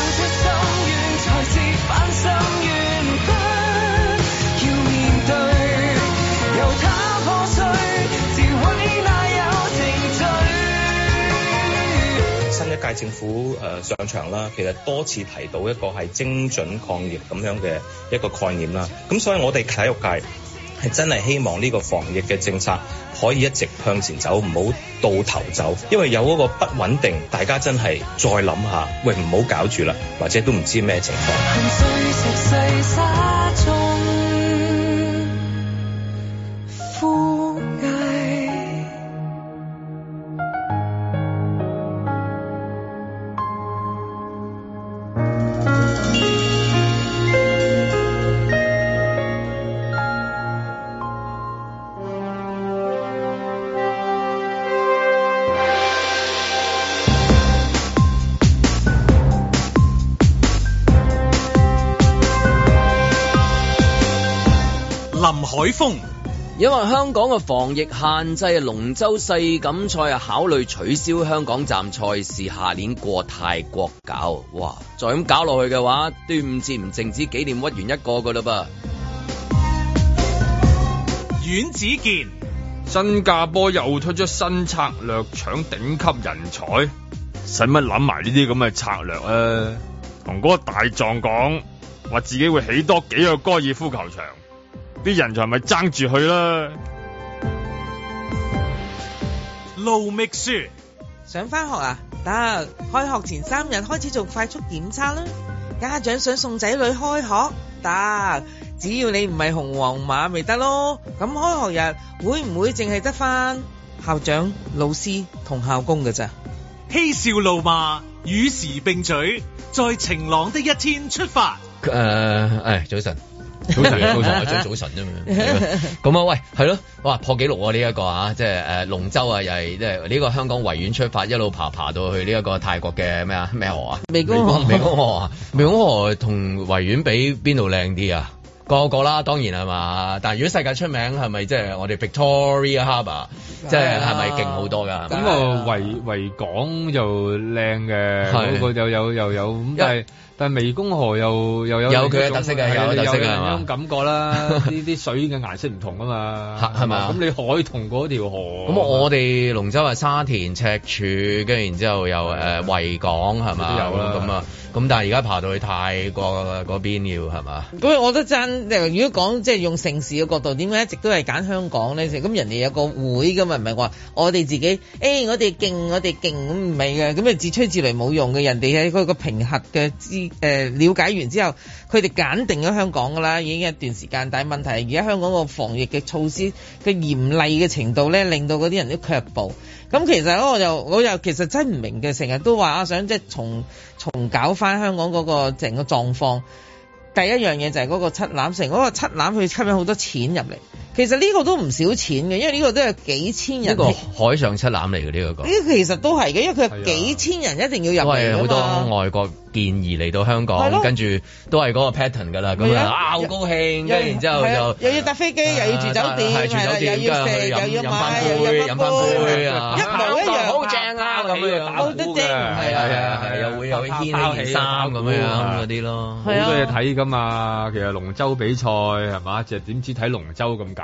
政府誒上場啦，其實多次提到一個係精準抗疫咁樣嘅一個概念啦。咁所以我哋體育界係真係希望呢個防疫嘅政策可以一直向前走，唔好倒頭走，因為有嗰個不穩定，大家真係再諗下，喂，唔好搞住啦，或者都唔知咩情況。因為香港嘅防疫限制，龍舟世錦賽啊，考慮取消香港站賽事，下年過泰國搞。哇，再咁搞落去嘅話，端午節唔淨止紀念屈原一個噶啦噃。阮子健，新加坡又推出新策略搶頂級人才，使乜諗埋呢啲咁嘅策略啊？同嗰個大狀講，話自己會起多幾個高爾夫球場。啲人就係咪爭住去啦！路秘書想返學啊？得，開學前三日開始做快速檢測啦。家長想送仔女開學，得，只要你唔係紅黃碼咪得咯。咁開學日會唔會淨係得返校長、老師同校工㗎？咋？嬉笑怒罵，與時並舉，在晴朗的一天出發。誒、呃，誒、哎，早晨。早晨， 早晨，早晨，早早晨啫嘛。咁 啊，喂，係咯，哇，破紀錄啊！呢、這、一個啊，即係誒、呃、龍舟啊，又係即係呢個香港維園出發，一路爬爬到去呢一個泰國嘅咩啊咩河啊？湄公湄公河，河，河啊，湄公河同維園比邊度靚啲啊？個個啦，當然係嘛。但如果世界出名係咪即係我哋 Victoria Harbour，即係係咪勁好多㗎？咁個、啊、維維港就靚嘅，嗰個又有又有咁，有有但係湄公河又又有有佢嘅特色嘅，有的特色嘅係一種感覺啦，呢 啲水嘅顏色唔同啊嘛，係 嘛？咁你海同嗰條河，咁我哋龍舟係沙田、赤柱，跟、嗯、住然之後又誒維、呃、港係嘛？都有啦咁啊。咁但係而家爬到去泰國嗰邊要係嘛？咁我都真，如果講即係用城市嘅角度，點解一直都係揀香港呢？咁人哋有個會㗎嘛，唔係話我哋自己，誒、哎、我哋勁我哋勁咁唔係嘅，咁你自吹自擂冇用嘅。人哋喺嗰個平衡嘅知誒了解完之後，佢哋揀定咗香港㗎啦，已經一段時間。但係問題而家香港個防疫嘅措施嘅嚴厲嘅程度咧，令到嗰啲人都卻步。咁其實我又我又其實真唔明嘅，成日都話啊，想即係從同搞翻香港嗰個成個狀況，第一樣嘢就係嗰個七欖城，嗰個，個七欖去吸引好多錢入嚟。其實呢個都唔少錢嘅，因為呢個都係幾千人。呢個海上七攬嚟嘅呢個，個。呢啲其實都係嘅，因為佢係幾千人一定要入去。好、啊、多外國建議嚟到香港，啊、跟住都係嗰個 pattern 㗎啦。咁啊，好、啊、高興，跟住然之後就、啊啊、又要搭飛機、啊，又要住酒店，又要食，又要飲翻杯，飲翻杯，杯，杯、啊杯啊啊啊、一模一樣，好正啊，咁樣好正，係啊係啊，又會又會掀一件衫咁樣嗰啲咯，好多嘢睇㗎嘛。其實龍舟比賽係嘛，就點知睇龍舟咁簡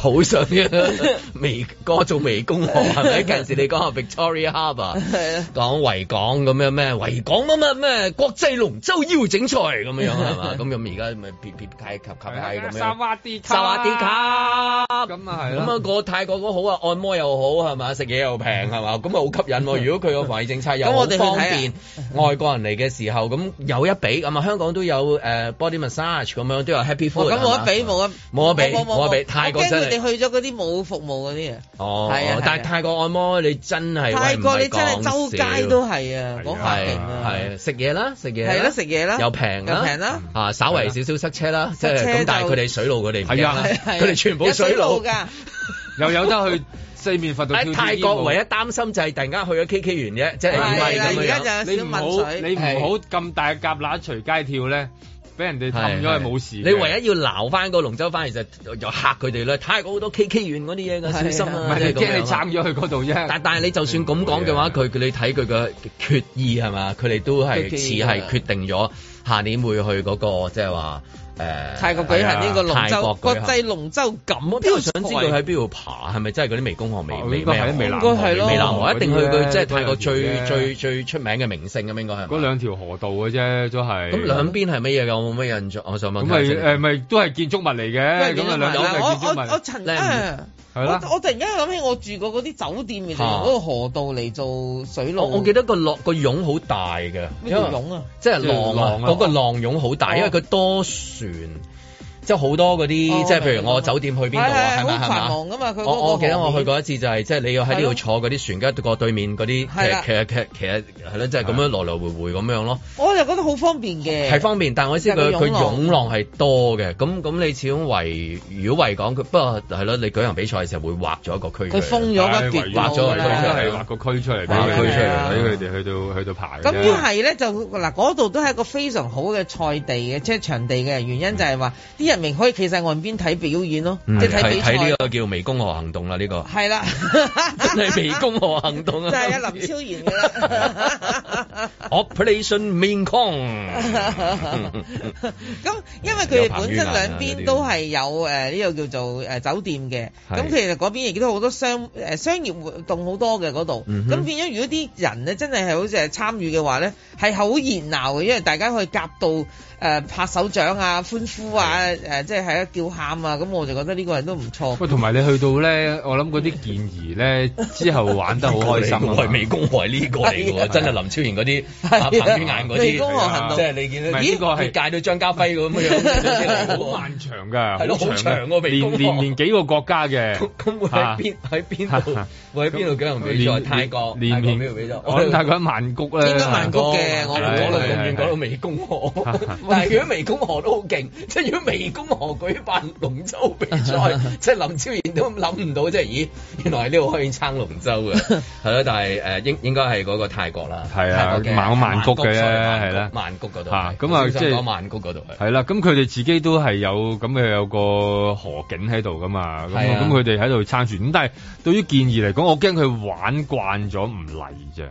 抱上嘅微哥做微工係咪？嗰陣時你講下 Victoria Harbour，講 維港咁樣咩？維港乜乜咩？國際龍舟邀請賽咁 樣係嘛？咁咁而家咪撇撇街及及街咁樣。沙哇啲卡，沙哇啲卡，咁啊，咁啊，個泰國好啊，按摩又好係嘛？食嘢又平係嘛？咁啊好吸引，啊。如果佢個防疫政策又好 看看方便，外國人嚟嘅時候咁有一比。咁啊，香港都有誒 body massage 咁樣都有 happy food，哦。咁冇得比，冇啊，冇得比，冇得比。我驚佢哋去咗嗰啲冇服務嗰啲啊，係啊，但係泰國按摩你真係泰國你真係周街都係啊，講法勁啊，係啊，食嘢啦，食嘢係啦，食嘢啦，又平啦，又平啦，啊，稍為少少塞車啦，即係咁，但係佢哋水路佢哋唔係啊，佢哋全部水路㗎，又有得去四面佛度，喺泰國唯一擔心就係突然間去咗 KK 園啫，即係唔係咁樣，你唔好你唔好咁大嘅蛤乸隨街跳咧。俾人哋冚咗係冇事，你唯一要鬧翻個龍舟翻嚟就又嚇佢哋啦。睇下嗰好多 K K 園嗰啲嘢，小心啊！唔係驚你闖咗去嗰度啫。但係你就算咁講嘅話，佢、嗯、你睇佢嘅決意係嘛？佢哋都係似係決定咗下年會去嗰、嗰個即係話。就是說呃、泰國舉行呢個龍舟國，國際龍舟，咁邊度想知道喺邊度爬？係咪真係嗰啲湄公河未？應該係咯，湄南河一定去，即係泰國最最最，最出名嘅名勝咁。應該係嗰兩條河道嘅啫，都、就、係、是。咁兩邊係乜嘢㗎？有冇乜印象？我想問。咁咪咪都係建築物嚟嘅？咁兩兩邊係建築物。靚～係啦，我突然間諗起我住過嗰啲酒店原來用嗰個河道嚟做水浪、啊。我我記得個浪、個湧好大嘅，咩湧啊？即係浪，嗰個浪湧好大，因為佢、啊啊啊啊那個哦、多船。即好多嗰啲、哦，即係譬如我酒店去邊度啊？係咪係嘛？我、那個、我記得我去過一次、就係，就係即係你要喺呢度坐嗰啲船，跟住過對面嗰啲。其實其實其實係咯，即係咁樣來來回回咁樣咯。我就覺得好方便嘅。係方便，但係我意思佢佢湧浪係多嘅。咁咁你始終圍如果圍講，不過係咯，你舉行比賽嘅時候會劃咗一個區。佢封咗一截，劃咗係劃個區出嚟。劃區出嚟，睇佢哋去到去到排。咁如係咧，就嗱嗰度都係一個非常好嘅賽地嘅，即、就、係、係、場地嘅原因就係話啲人。明可以企喺岸邊睇表演咯，即係睇呢個叫湄公河行動啦，呢個係啦，真係湄公河行動啊！係、這個、 啊， 就是林超賢嘅 Operation Mekong。咁 因為佢哋本身兩邊都係有誒呢、呃這個叫做誒酒店嘅，咁其實嗰邊亦都好多商誒商業活動好多嘅嗰度，咁、嗯、變咗如果啲人咧真係係好似係參與嘅話咧，係好熱鬧嘅，因為大家可以夾到誒、呃、拍手掌啊、歡呼啊。誒即係喺叫喊啊！咁我就覺得呢個人都唔錯。喂，同埋你去到咧，我諗嗰啲健兒咧之後玩得好開心我係湄公河為呢個嚟嘅喎，真係林超賢嗰啲啊,啊彭于晏嗰啲，即係、啊啊就是、你見到呢、這個係戒到張家輝咁樣樣，好 漫長㗎，係 咯、啊，好長喎，年連連,連,連幾個國家嘅，咁喺邊喺邊度？ 喂，喺邊度舉行比賽？泰國，年年呢度比賽。我喺泰國曼谷咧。應該曼谷嘅、啊，我度嚟講講到湄公河，但係如果湄公河都好勁，即、嗯、係、嗯、如果湄公河舉辦龍舟比賽，即係林超賢都諗唔到，即係咦，原來呢度可以撐龍舟嘅。係、啊、咯、啊，但係誒，應應該係嗰個泰國啦。係啊，曼曼谷嘅咧，係啦，曼谷嗰度。咁啊，即係曼谷嗰度。係、啊、啦，咁佢哋自己都係有咁嘅有個河景喺度噶嘛。咁佢哋喺度撐船。咁但係對於建議嚟講。我驚佢玩慣咗唔嚟啫，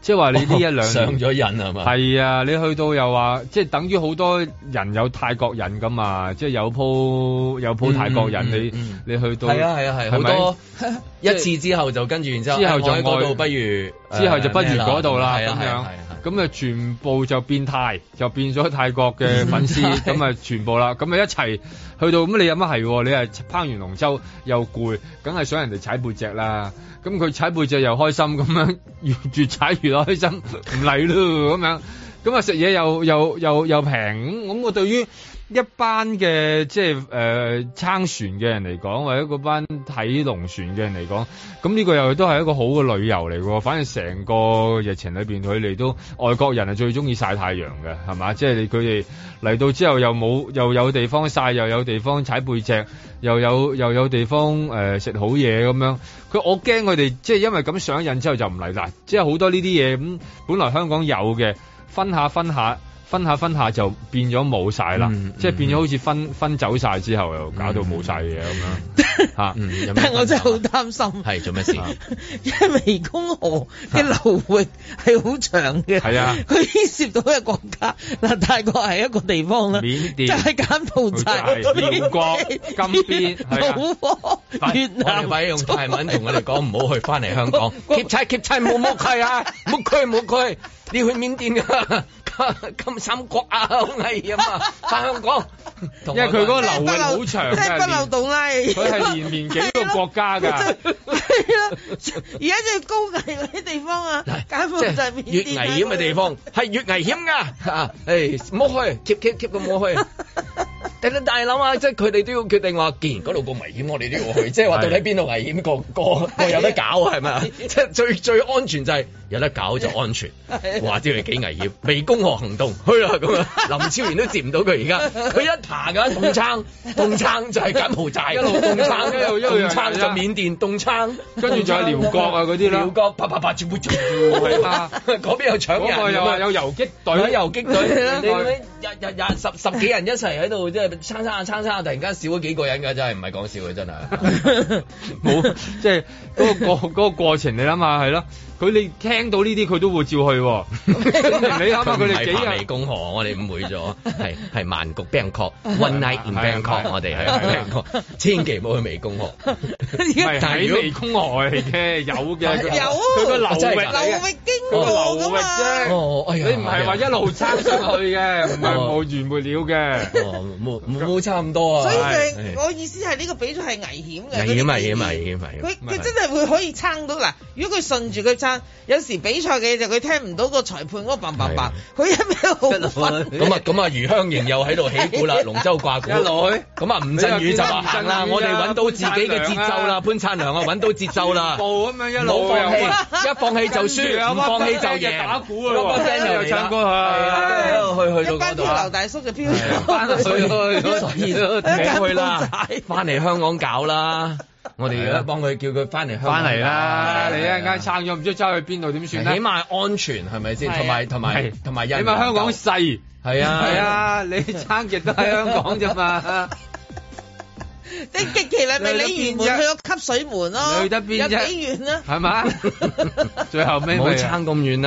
即係話你呢一兩上咗癮係嘛？係啊，你去到又話，即係等於好多人有泰國人咁啊，即係有鋪有鋪泰國人，嗯、你、嗯、你去到係啊係啊係，好、啊、多 一次之後就跟住，然之後之後就嗰度不如之後就不如嗰度啦，咁樣。呃咁啊，全部就變態，就變咗泰國嘅粉絲，咁啊，全部啦，咁啊一齊去到，咁你有乜係？你係扒完龍舟又攰，梗係想人哋踩背脊啦。咁佢踩背脊又開心，咁樣越住踩越，越開心，唔嚟咯咁樣。咁啊，食嘢又又又又平，咁咁我對於。一班嘅即係誒撐船嘅人嚟講，或者嗰班睇龍船嘅人嚟講，咁呢個又都係一個好嘅旅遊嚟喎。反正成個疫情裏邊，佢哋都外國人係最中意曬太陽嘅，係嘛？即係佢哋嚟到之後又冇又有地方曬，又有地方踩背脊，又有又有地方誒食、呃、好嘢咁樣。佢我驚佢哋即係因為咁上一癮之後就唔嚟啦。即係好多呢啲嘢咁，本來香港有嘅，分下分下。分下分下就變咗冇曬啦，即係變咗好似分、嗯、分，分走曬之後，又搞到冇曬嘢咁樣。嚇，但係我真係好擔心。係做咩事？因為湄公河嘅流域係好長嘅。係啊，佢牽涉到嘅國家嗱，泰國係一個地方啦，緬甸，即係柬埔寨、邊國、金邊、老撾、越南，用泰文同我哋講唔好去，翻嚟香港。劫差劫差，冇冇區啊？冇區冇區，你去緬甸啊？金三角啊，好危險啊嘛！翻香港，因為佢嗰個流域好長啊。真係不流動啦，佢係。前面幾個國家噶，而家就係、是、高危啲地方啊，柬埔寨越危險嘅地方係越危險噶，吓、 哎，誒，唔好去，keep keep keep 咁唔好去。但係大佬啊，即係佢哋都要決定話，既然嗰度咁危險，我哋都要去，即係話到底邊度危險，個個，個有得搞係咪？即係最最安全就係有得搞就安全，話知你幾危險，湄公河行動去啦咁樣，林超賢都接唔到佢而家，佢一爬東撐東撐就一痛撐，痛撐就係柬埔寨一路 有、okay, 餐就緬甸凍餐，跟住就係寮國啊嗰啲啦。寮國啪啪啪接波仲喎，係 嘛是、啊？嗰 邊又搶人。有游擊隊。有游擊隊你日日日十十幾人一齊喺度，即係餐餐啊餐餐啊，突然間少咗幾個人㗎。真係唔係講笑嘅，真係。冇， 即係嗰個嗰、嗰個、過程，你諗下係咯。佢哋聽到呢啲佢都會照去，你諗下！佢哋幾日湄公河，我哋誤會咗，係係曼谷 Bangkokone nightin Bangkok，我哋係唔 Bangkok，千祈唔好去湄公河。唔係，但係如果湄公河嚟嘅有嘅，有佢個流域，流域經過流域啫。哦，哎呀，你唔係話一路撐出去嘅，唔係冇完沒了嘅，冇冇差咁多啊？所以明我意思係呢個比賽係危險嘅，危險、危險、危險、危險。佢佢真係會可以撐到嗱，如果佢順住佢撐。有時比賽嘅就佢聽唔到個裁判嗰個嘭、嘭、嘭，佢一秒都唔咁啊咁啊，余香瑩又喺度起鼓啦，龍舟掛鼓。一落咁啊，吳振宇就話、啊：，我哋揾到自己嘅節奏啦，潘燦良啊，揾、啊、到節奏啦。步咁樣一路。步又去，一放棄就輸，唔放棄就贏。打鼓啊，度、啊，嗰聲又唱啦。去去到嗰度，一班大叔就漂流翻去，漂流完啦，翻嚟香港搞啦。啊。我哋而家幫佢叫佢翻嚟香港、啊。翻嚟啦，你一陣間撐咗唔知揸去邊度點算？起碼安全係咪先？同埋同埋同埋，起碼香港細，係 啊，係啊，你啊 撐極都喺香港啫嘛。你極其你咪你完全去個吸水門咯，去得邊啫？有幾遠啊？係嘛、啊？最後尾唔好撐咁遠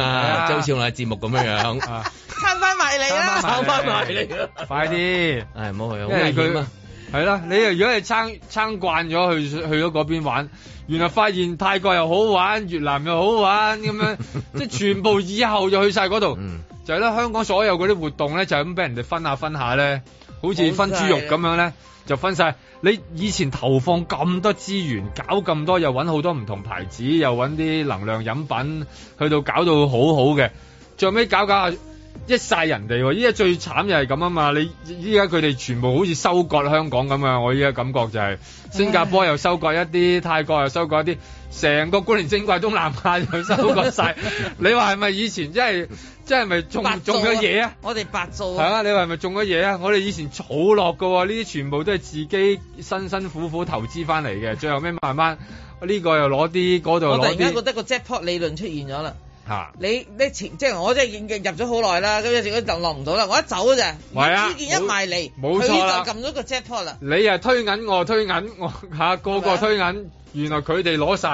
就好似我哋節目咁樣樣。 撐翻埋你啦！撐翻埋你。快啲！誒，唔好去，好因為嘛。係啦，你啊，如果係撐撐慣咗去去咗嗰邊玩，原來發現泰國又好玩，越南又好玩咁樣， 即係全部以後就去晒嗰度。嗯，就係咧，香港所有嗰啲活動咧，就咁俾人哋分下分下咧，好似分豬肉咁樣咧，就分晒。你以前投放咁多資源，搞咁多又搵好多唔同牌子，又搵啲能量飲品，去到搞到好好嘅，最尾搞搞下。一晒人哋喎，依家最慘又係咁啊嘛！你依家佢哋全部好似收割香港咁啊！我依家感覺就係、是、新加坡又收割一啲，泰國又收割一啲，成個古年精怪東南亞又收割晒， 你話係咪以前真係真係咪種咗嘢啊？我哋白做。係啊！你話係咪種咗嘢啊？我哋以前儲落㗎喎，呢啲全部都係自己辛辛苦苦投資翻嚟嘅，最後尾慢慢呢、呢個又攞啲，嗰度又攞啲。我突然間覺得個 Jet Pot 理論出現咗啦。吓你你前即係我真係已經入咗好耐啦，咁有時佢就落唔到啦。我一走啫，李子健一埋嚟，佢就撳咗個 jackpot 啦。你又推緊，我推緊，我吓個個推緊，原來佢哋攞晒。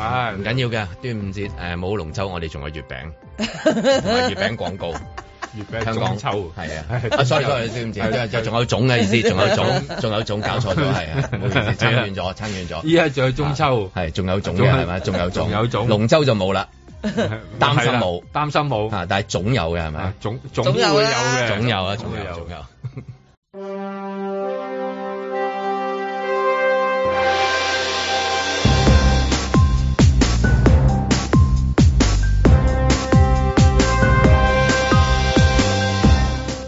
唉，唔緊要嘅，端午節誒冇龍舟，我哋仲有月餅，唔係月餅廣告，香港秋係啊。啊，sorry，sorry，端午節，仲有粽嘅意思，仲有粽，仲有粽，搞錯咗，係啊，差遠咗，差遠咗。依家仲有中秋，係仲有粽嘅係嘛？仲有粽，有粽，龍舟就冇啦。擔 心冇，擔心冇啊，但係總有嘅係咪？總總會有嘅，總有啊，總有，總有。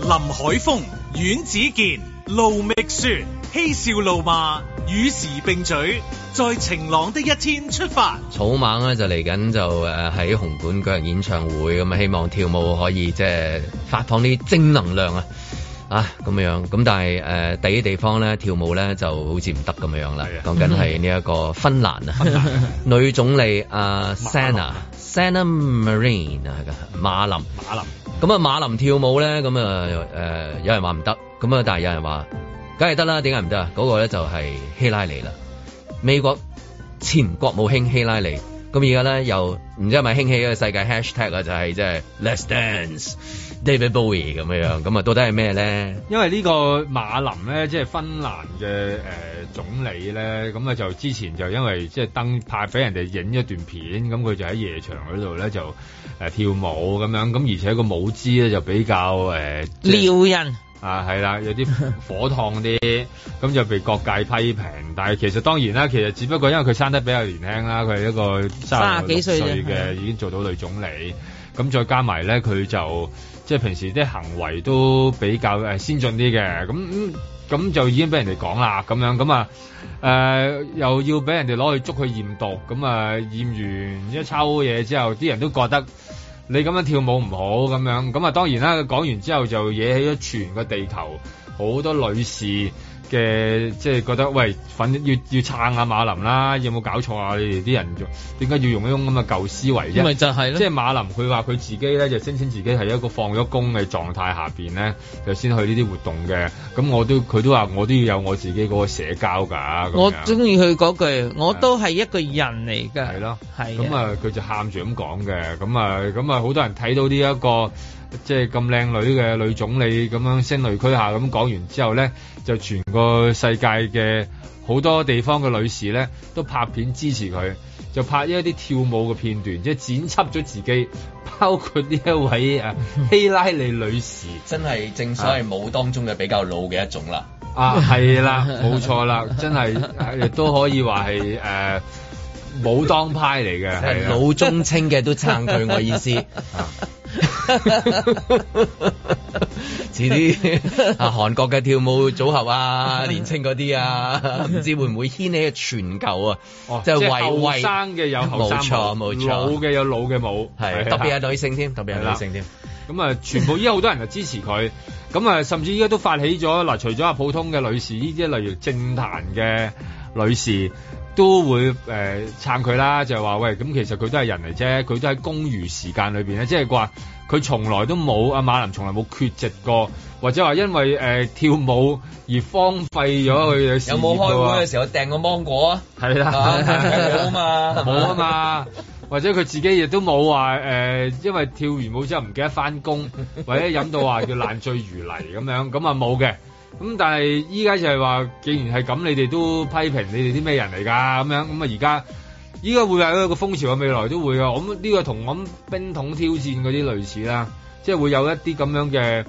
林海峰、阮子健、盧覓雪、嬉笑怒罵。與時並舉，在晴朗的一天出發。草蜢咧就嚟緊就誒喺紅館舉行演唱會咁啊，希望跳舞可以即係發放啲正能量啊！啊咁樣咁，但係誒、呃、第一地方咧跳舞咧就好似唔得咁樣啦。講講緊係呢一個芬蘭啊，芬蘭 女總理啊，Sanna Sanna Marin 啊，係、呃、㗎，馬林馬林。咁啊，馬林跳舞咧咁啊有人話唔得，咁啊，但係有人話。梗係得啦，點解唔得啊？嗰個咧就係希拉里啦，美國前國務卿希拉里。咁而家咧又唔知係咪興起一個世界 hashtag 啊？就係即係 Let's Dance David Bowie 咁樣。咁啊到底係咩咧？因為呢個馬林咧，即係芬蘭嘅誒總理咧，咁啊就之前就因為即係登派俾人哋影咗段片，咁佢就喺夜場嗰度咧就誒跳舞咁樣，咁而且個舞姿咧就比較誒撩人。啊，係啦，有啲火燙啲，咁就被各界批評。但係其實當然啦，其實只不過因為佢生得比較年輕啦，佢係一個三十，歲三十幾歲嘅已，已經做到女總理。咁再加埋咧，佢就即係平時啲行為都比較、呃、先進啲嘅。咁咁、嗯、就已經俾人哋講啦，咁樣咁啊誒又要俾人哋攞去捉去驗毒。咁啊驗完一抽嘢之後，啲人都覺得。你咁樣跳舞唔好咁樣，咁啊當然啦，佢講完之後就惹起咗全個地球好多女士。嘅即係覺得喂，反正要要撐下、啊、馬林啦，有冇搞錯啊？你哋啲人點解要用呢種咁嘅舊思維啫？咪就係、是、咯，即係馬林佢話佢自己咧就聲稱自己係一個放咗工嘅狀態下面咧就先去呢啲活動嘅，咁我都佢都話我都要有我自己嗰個社交㗎、嗯。我中意佢嗰句，我都係一個人嚟㗎。係咯，係。咁啊，佢就喊住咁講嘅，咁啊，咁啊，好多人睇到呢、這、一個。即係咁靚女嘅女總理咁樣聲淚俱下咁講完之後咧，就全個世界嘅好多地方嘅女士咧，都拍片支持佢，就拍一啲跳舞嘅片段，即係剪輯咗自己，包括呢一位誒、啊、 希拉里女士，真係正所謂舞當中嘅比較老嘅一種啦。啊，係啦，冇錯啦， 真係亦都可以話係誒，武當派嚟嘅，老中青嘅 都撐佢，我意思。啊遲啲啊，韓國嘅跳舞組合啊，年青嗰啲啊，唔知會唔會掀起全球啊？哦，即係後生嘅有後生舞，老嘅有老嘅舞，係特別係女性添，特別係女性添。咁啊，全部依家好多人就支持佢，咁啊，嗯嗯、 甚至依家都發起咗嗱，除咗啊普通嘅女士，呢啲例如政壇嘅女士。都會誒撐佢啦，就係、是、話喂，咁、嗯、其實佢都係人嚟啫，佢都喺公餘時間裏面咧，即係話佢從來都冇阿馬林從來冇缺席過，或者話因為誒、呃、跳舞而荒廢咗佢嘅事業喎。有冇開會嘅時候掟個芒果啊？係、啊、啦，冇啊，啊嘛，冇啊嘛， 或者佢自己亦都冇話誒，因為跳完舞之後唔記得返工，或者飲到話叫爛醉如泥咁樣，咁啊冇嘅。咁但係依家就係話，既然係咁，你哋都批評你哋啲咩人嚟㗎？咁樣咁啊！而家依家會有一個風潮嘅未來都會有！咁呢個同我冰桶挑戰嗰啲類似啦，即係會有一啲咁樣嘅。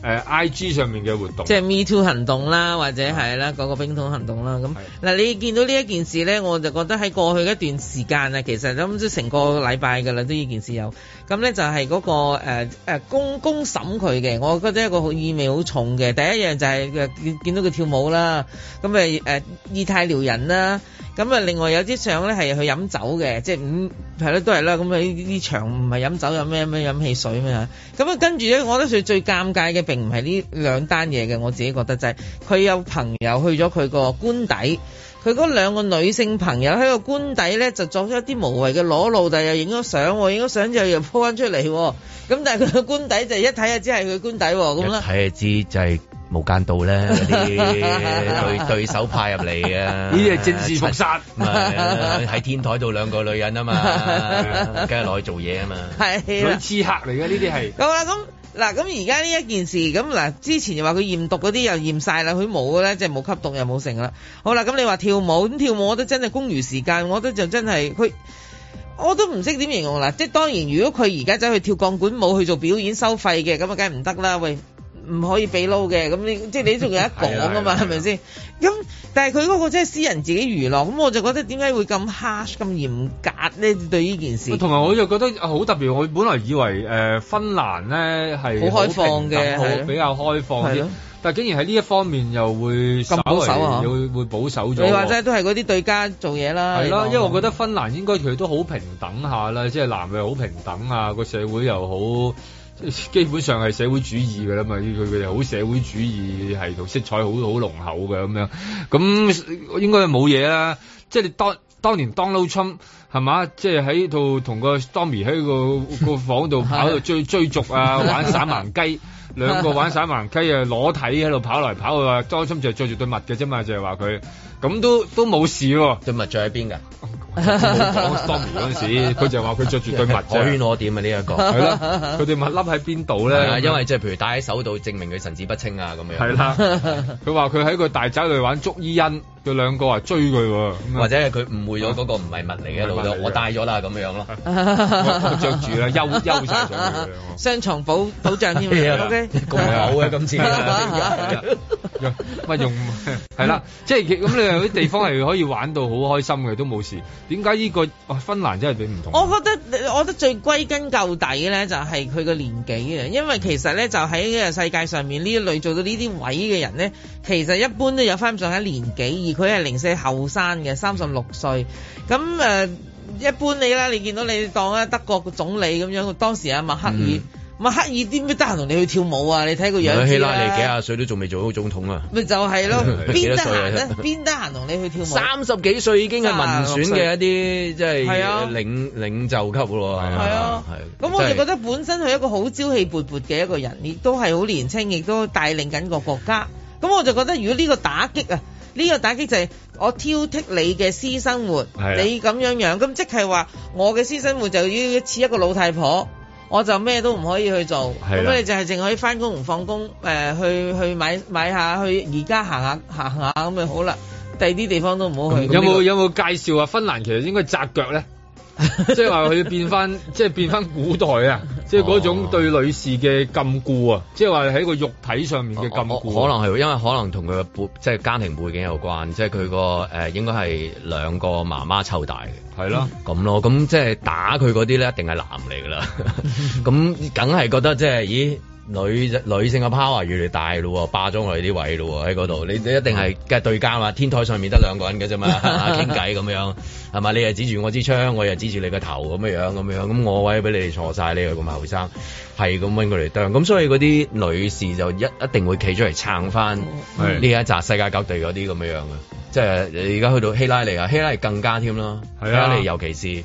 誒、uh, I G 上面嘅活動，即係 Me Too 行動啦，或者係啦，嗰個冰桶行動啦。咁嗱，你見到呢一件事咧，我就覺得喺過去一段時間啊，其實咁即成個禮拜㗎喇，都呢件事有。咁咧就係嗰、嗰個誒、呃、公公審佢嘅，我覺得係一個好意味好重嘅。第一樣就係誒見到佢跳舞啦，咁誒誒意態撩人啦。咁啊，另外有啲相咧係去飲酒嘅，即係五係咯，都係啦。咁啊，呢啲場唔係飲酒，飲咩咩飲汽水咩啊？咁啊，跟住咧，我覺得最尷尬嘅並唔係呢兩單嘢嘅，我自己覺得就係、是、佢有朋友去咗佢個官邸，佢嗰兩個女性朋友喺個官邸咧就作出一啲無謂嘅裸露，但係又影咗相，影咗相就又 po 翻出嚟。咁但係佢個官邸就一睇啊，只係佢官邸咁啦。睇啊、就是，知就係。無間道咧，嗰啲對對手派入嚟 啊！呢啲係政治謀殺，唔係喺天台度兩個女人啊嘛，梗係攞去做嘢啊嘛，係女刺客嚟嘅呢啲係。咁啦， 咁嗱，咁而家呢一件事，咁嗱，之前就又話佢驗毒嗰啲又驗晒啦，佢冇咧，即係冇吸毒又冇剩啦。好啦，咁你話跳舞咁跳舞我都真時間，我都真係工餘時間，我覺得就真係佢，我都唔識點形容嗱。即係當然，如果佢而家走去跳鋼管舞去做表演收費嘅，咁啊，梗係唔得啦喂。唔可以俾撈嘅，咁你即係你仲有一講噶嘛，係咪先？咁但係佢嗰個即係私人自己娛樂，咁我就覺得點解會咁 harsh 咁嚴格咧？對呢件事。同埋我又覺得好特別，我本來以為誒、呃、芬蘭咧係好開放嘅，好比較開放啲，但竟然喺呢一方面又會守，保守啊、又會會保守咗。你話齋都係嗰啲對家做嘢啦。係咯，因為我覺得芬蘭應該佢都好平等下啦，即係男女好平等啊，個社會又好。基本上係社會主義嘅啦嘛，佢佢哋好社會主義，係同色彩好好濃厚嘅咁樣。咁應該冇嘢啦。即係你當當年 Donald Trump 係嘛？即係喺度同個 Stormy 喺個,個房度跑度追追逐啊，玩散盲雞， 兩個玩散盲雞啊，裸體喺度跑嚟跑去啊。Donald Trump 就着住對襪嘅啫嘛，就係話佢。咁都都冇事喎、哦，對襪、啊啊、 就著喺邊㗎？講 Stormy 嗰陣時，佢就話佢著住對襪，我圈我點啊？這個、 啦呢一個佢哋物笠喺邊度呢？因為即、就、係、是、譬如戴喺手度，證明佢神志不清啊咁樣。係啦，佢話佢喺個大宅裏玩捉伊恩，佢兩個話追佢喎， 或者係佢誤會咗嗰個唔係物嚟嘅，攞 咗我戴咗啦咁樣咯。我著住啦， 樣啦 憂憂曬咗。 雙重保保障嘅嘢，咁、 okay? 好嘅，咁你。 次呢用有 啲地方係可以玩到好開心嘅，都冇事。點解呢個、啊、芬蘭真係比唔同？我覺得，我覺得最歸根究底咧，就係佢嘅年紀啊。因為其實咧，就喺、是、世界上面呢一類做到這些位的人呢啲位嘅人咧，其實一般都有返唔少嘅年紀，而佢係零四後生嘅，三十六歲。咁誒、呃，一般你啦，你見到你當啊德國嘅總理咁樣，當時阿默克爾、嗯。咪刻意啲咩？得閒同你去跳舞啊？你睇個樣。啊、希拉里幾廿歲都仲未做到個總統啦、啊。咪就係咯，邊得閒咧？邊得閒同你去跳舞？三十幾歲已經係民選嘅一啲，即、就、係、是、領、啊、領袖級咯。係啊，係。咁我就覺得本身係一個好朝氣勃勃嘅一個人，亦都係好年輕，亦都帶領緊個國家。咁我就覺得，如果呢個打擊啊，呢、這個打擊就係我挑剔你嘅私生活，啊、你咁樣這樣，咁即係話我嘅私生活就要似一個老太婆。.我就咩都唔可以去做，咁你就係淨可以返工唔放工，誒、呃、去去買買下去而家行下行下咁咪好啦。第啲地方都唔好去。嗯、有冇有冇、這個、介紹啊？芬蘭其實應該扎腳咧。即係話佢變翻，即係變翻古代啊！即係嗰種對女士嘅禁錮啊！即係話喺個肉體上面嘅禁錮，哦哦哦，可能係因為可能同佢嘅背，即係家庭背景有關。即係佢個誒，應該係兩個媽媽湊大嘅，係咯咁咯。咁即係打佢嗰啲咧，一定係男嚟噶啦。咁梗係覺得即係，咦？女女性嘅 power 越嚟越大咯，霸咗我哋啲位咯，喺嗰度，你你一定係嘅對家嘛，嗯、天台上面得兩個人嘅啫嘛，傾偈咁樣，係咪？你又指住我支槍，我又指住你個頭咁樣樣，咁樣，咁我位俾你哋坐晒，你又咁後生，係咁搵佢嚟哚，咁所以嗰啲女士就一一定會企出嚟撐翻，呢一集世界各地嗰啲咁樣樣嘅，即係而家去到希拉利啊，希拉利更加添咯，希拉利尤其是。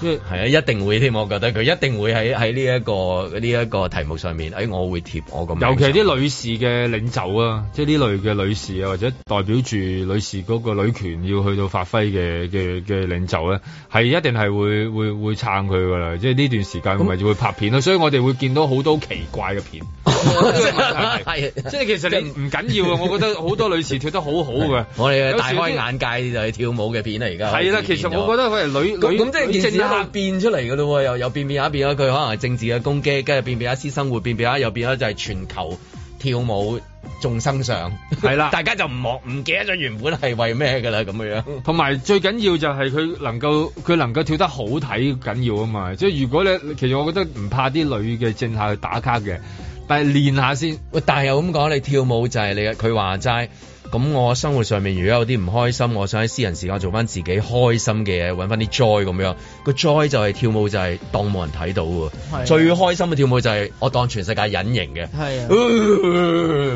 即啊，一定會添，我覺得佢一定會喺喺呢一個呢一、這個題目上面，誒、哎，我會貼我咁。尤其係啲女士嘅領袖啊，啊即係呢類嘅女士啊，或者代表住女士嗰個女權要去到發揮嘅嘅嘅領袖咧、啊，係一定係會會會撐佢㗎喇。即係呢段時間、嗯，咪就會拍片咯、啊。所以我哋會見到好多奇怪嘅片。係 是，即 係其實你唔緊要啊。我覺得好多女士跳得好好嘅，我哋大開眼界就係、是、 跳舞嘅片啦、啊。而家係啦，其實我覺得佢係女女咁即係變出嚟噶咯，又又變變下變啊！佢可能係政治嘅攻擊，跟住變變下私生活，變變下又變咗就係全球跳舞眾生上。係啦！大家就唔忘唔記得咗原本係為咩噶啦咁嘅樣。同埋最緊要就係佢能夠佢能夠跳得好睇，緊要啊嘛！即係如果你其實我覺得唔怕啲女嘅正下去打卡嘅，但係練下先。喂，但係又咁講，你跳舞就係你佢話齋。咁我生活上面如果有啲唔開心，我想喺私人時間做翻自己開心嘅嘢，搵翻啲 joy 咁樣。個 joy 就係、是、跳舞就係、是、當冇人睇到喎、啊。最開心嘅跳舞就係、是、我當全世界隱形嘅。係啊，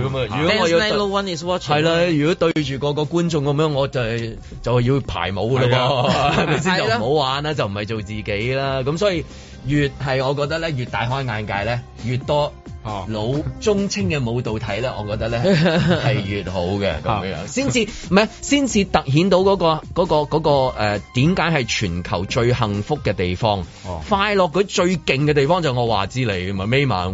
咁啊，如果我要係啦，如果對住個個觀眾咁樣，我就係、是、就係要排舞噶啦，係咪先就唔好玩啦，就唔係做自己啦。咁所以。越係我覺得咧，越大開眼界咧，越多老中青嘅舞蹈睇咧，我覺得咧係越好嘅。咁先至唔係，先至突顯到嗰個嗰個嗰個，誒點解係全球最幸福嘅地方，快樂佢最勁嘅地方就係我話知你，咪眯嘛？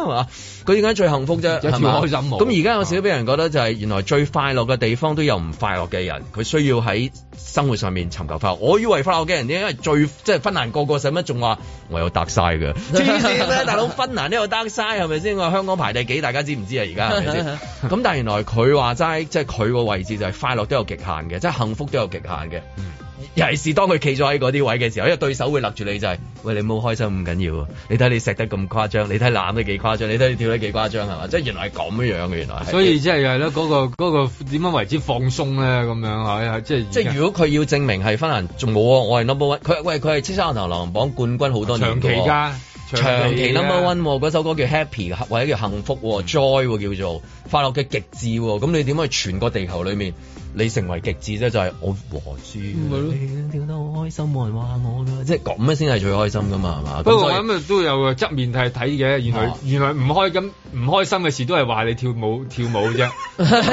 佢點解最幸福啫？咁而家有少少俾人覺得就係原來最快樂嘅地方都有唔快樂嘅人，佢需要喺生活上面尋求快樂。我以為快樂嘅人，因為最即係芬蘭個個使乜，仲話我有得曬嘅，黐線 大佬？芬蘭都有得曬係咪先？我香港排第幾？大家知唔知啊？而家係咪先？咁 但係原來佢話齋，即係佢個位置就係快樂都有極限嘅，即係幸福都有極限嘅。嗯。尤其是當佢企咗喺嗰啲位嘅時候，因為對手會揦住你就係、是，喂你唔好開心咁緊要，啊。」你睇你食得咁誇張，你睇攬得幾誇張，你睇你跳得幾誇張係嘛？即係原來係咁樣嘅原來是。所以即係又係咯，嗰、 那個嗰、那個點樣為之放鬆咧？咁樣係即係。即係如果佢要證明係芬蘭，仲、嗯、冇我係 number one，佢喂佢係七三年流行榜冠軍好多年長期㗎，長期 number one 嗰首歌叫 Happy 或者叫幸福 Joy 叫做快樂嘅極致，咁你點可以全個地球裡面？你成為極致咧，就係、是、我和之。咪咯，你跳得好開心，冇人話我㗎，即係咁樣先係最開心噶嘛，係嘛？不過咁啊都有側面係睇嘅，原來、啊、原來唔開，開心唔開心嘅事都係話你跳舞跳舞啫。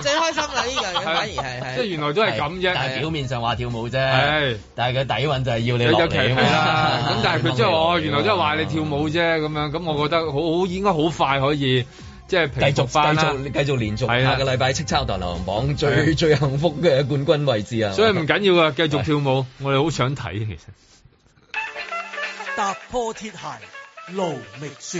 最開心啦、這個！呢樣嘢反而係即係原來都係咁啫。但係表面上話跳舞啫，但係佢底藴就係要你落嚟啦。咁 但係佢之後哦，原來真係話你跳舞啫咁、嗯、樣，咁我覺得好，好應該好快可以。即係繼續翻啦，繼續連續,續,續,續下個禮拜叱咤台流行榜最最幸福嘅冠軍位置啊！所以唔緊要啊，繼續跳舞，我哋好想睇其實。踏破鐵鞋路未絕，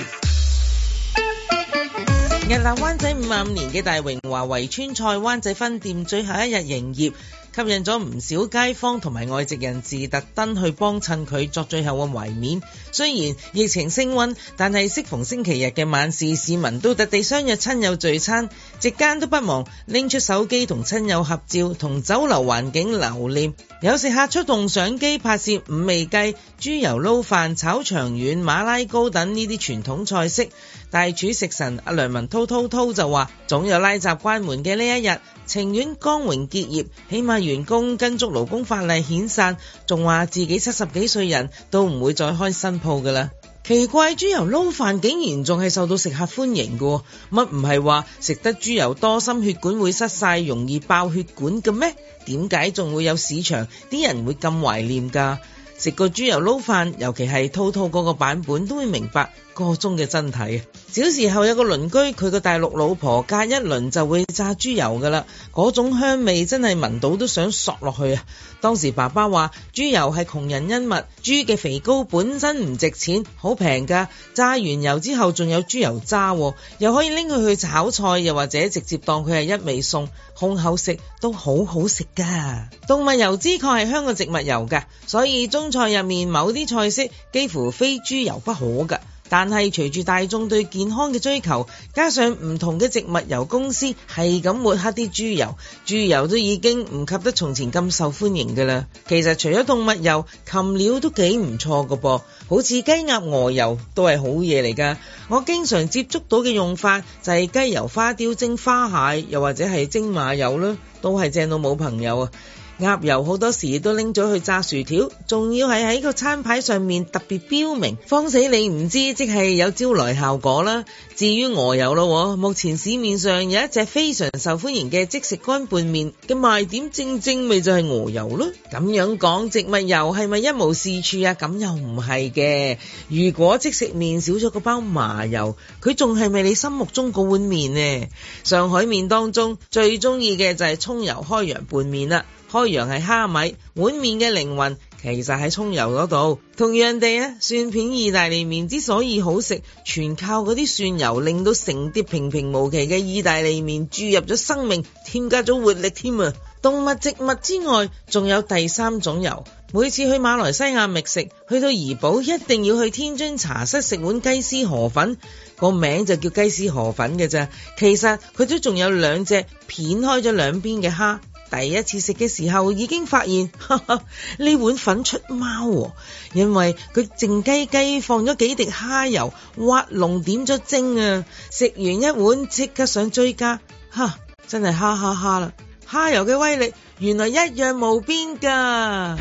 日立灣仔五十五年嘅大榮華圍村菜灣仔分店最後一日營業。吸引咗唔少街坊同埋外籍人士特登去幫襯佢作最後嘅懷緬。雖然疫情升溫，但係適逢星期日嘅晚市，市民都特地相約親友聚餐。席間都不忘拎出手機同親友合照，同酒樓環境留念。有食客出動相機拍攝五味雞、豬油撈飯、炒腸軟、馬拉糕等呢啲傳統菜式。大廚食神阿梁文韜韜韜就話，總有拉閘關門嘅呢一日，情願光榮結業，起碼員工跟足勞工法例遣散。仲話自己七十幾歲人都唔會再開新鋪噶啦。奇怪，豬油撈飯竟然仲係受到食客歡迎嘅，乜唔係話食得豬油多，心血管會失曬，容易爆血管嘅咩？點解仲會有市場？啲人會咁懷念㗎？食過豬油撈飯，尤其係兔兔嗰個版本，都會明白個中嘅真諦。小時候有個鄰居，佢個大陸老婆隔一輪就會炸豬油噶啦，嗰種香味真係聞到都想嗦落去啊！當時爸爸話，豬油係窮人恩物，豬嘅肥膏本身唔值錢，好平噶，炸完油之後仲有豬油渣，又可以拎佢去炒菜，又或者直接當佢係一味餸，控口食都好好食噶。動物油脂確係香過植物油噶，所以中菜入面某啲菜式幾乎非豬油不可噶。但係隨住大眾對健康嘅追求，加上唔同嘅植物油公司係咁抹黑啲豬油，豬油都已經唔及得從前咁受歡迎噶啦。其實除咗動物油，禽鳥都幾唔錯噶噃，好似雞鴨鵝油都係好嘢嚟噶。我經常接觸到嘅用法就係雞油花雕蒸花蟹，又或者係蒸馬油啦，都係正到冇朋友啊！鴨油好多時都拎咗去炸薯條，仲要係喺個餐牌上面特別標明，慌死你唔知，即係有招來效果啦。至於鵝油咯，目前市面上有一隻非常受歡迎嘅即食乾拌麵嘅賣點，正正咪就係鵝油咯。咁樣講，植物油係咪一無是處啊？咁又唔係嘅。如果即食麵少咗個包麻油，佢仲係咪你心目中個碗麵呢？上海麵當中最中意嘅就係蔥油開洋拌麵啦。開洋係蝦米，碗麵嘅靈魂其實喺蔥油嗰度。同樣地啊，蒜片意大利麵之所以好食，全靠嗰啲蒜油令到成碟平平無奇嘅意大利麵注入咗生命，添加咗活力添啊！動物、植物之外，仲有第三種油。每次去馬來西亞覓食，去到怡保一定要去天津茶室食碗雞絲河粉，個名就叫雞絲河粉嘅啫。其實佢都仲有兩隻片開咗兩邊嘅蝦。第一次食嘅時候已經發現哈哈呢碗粉出貓，哦，因為佢靜雞雞放咗幾滴蝦油，畫龍點咗睛啊！食完一碗即刻想追加，哈，真係蝦蝦蝦啦！蝦油嘅威力原來一樣無邊㗎。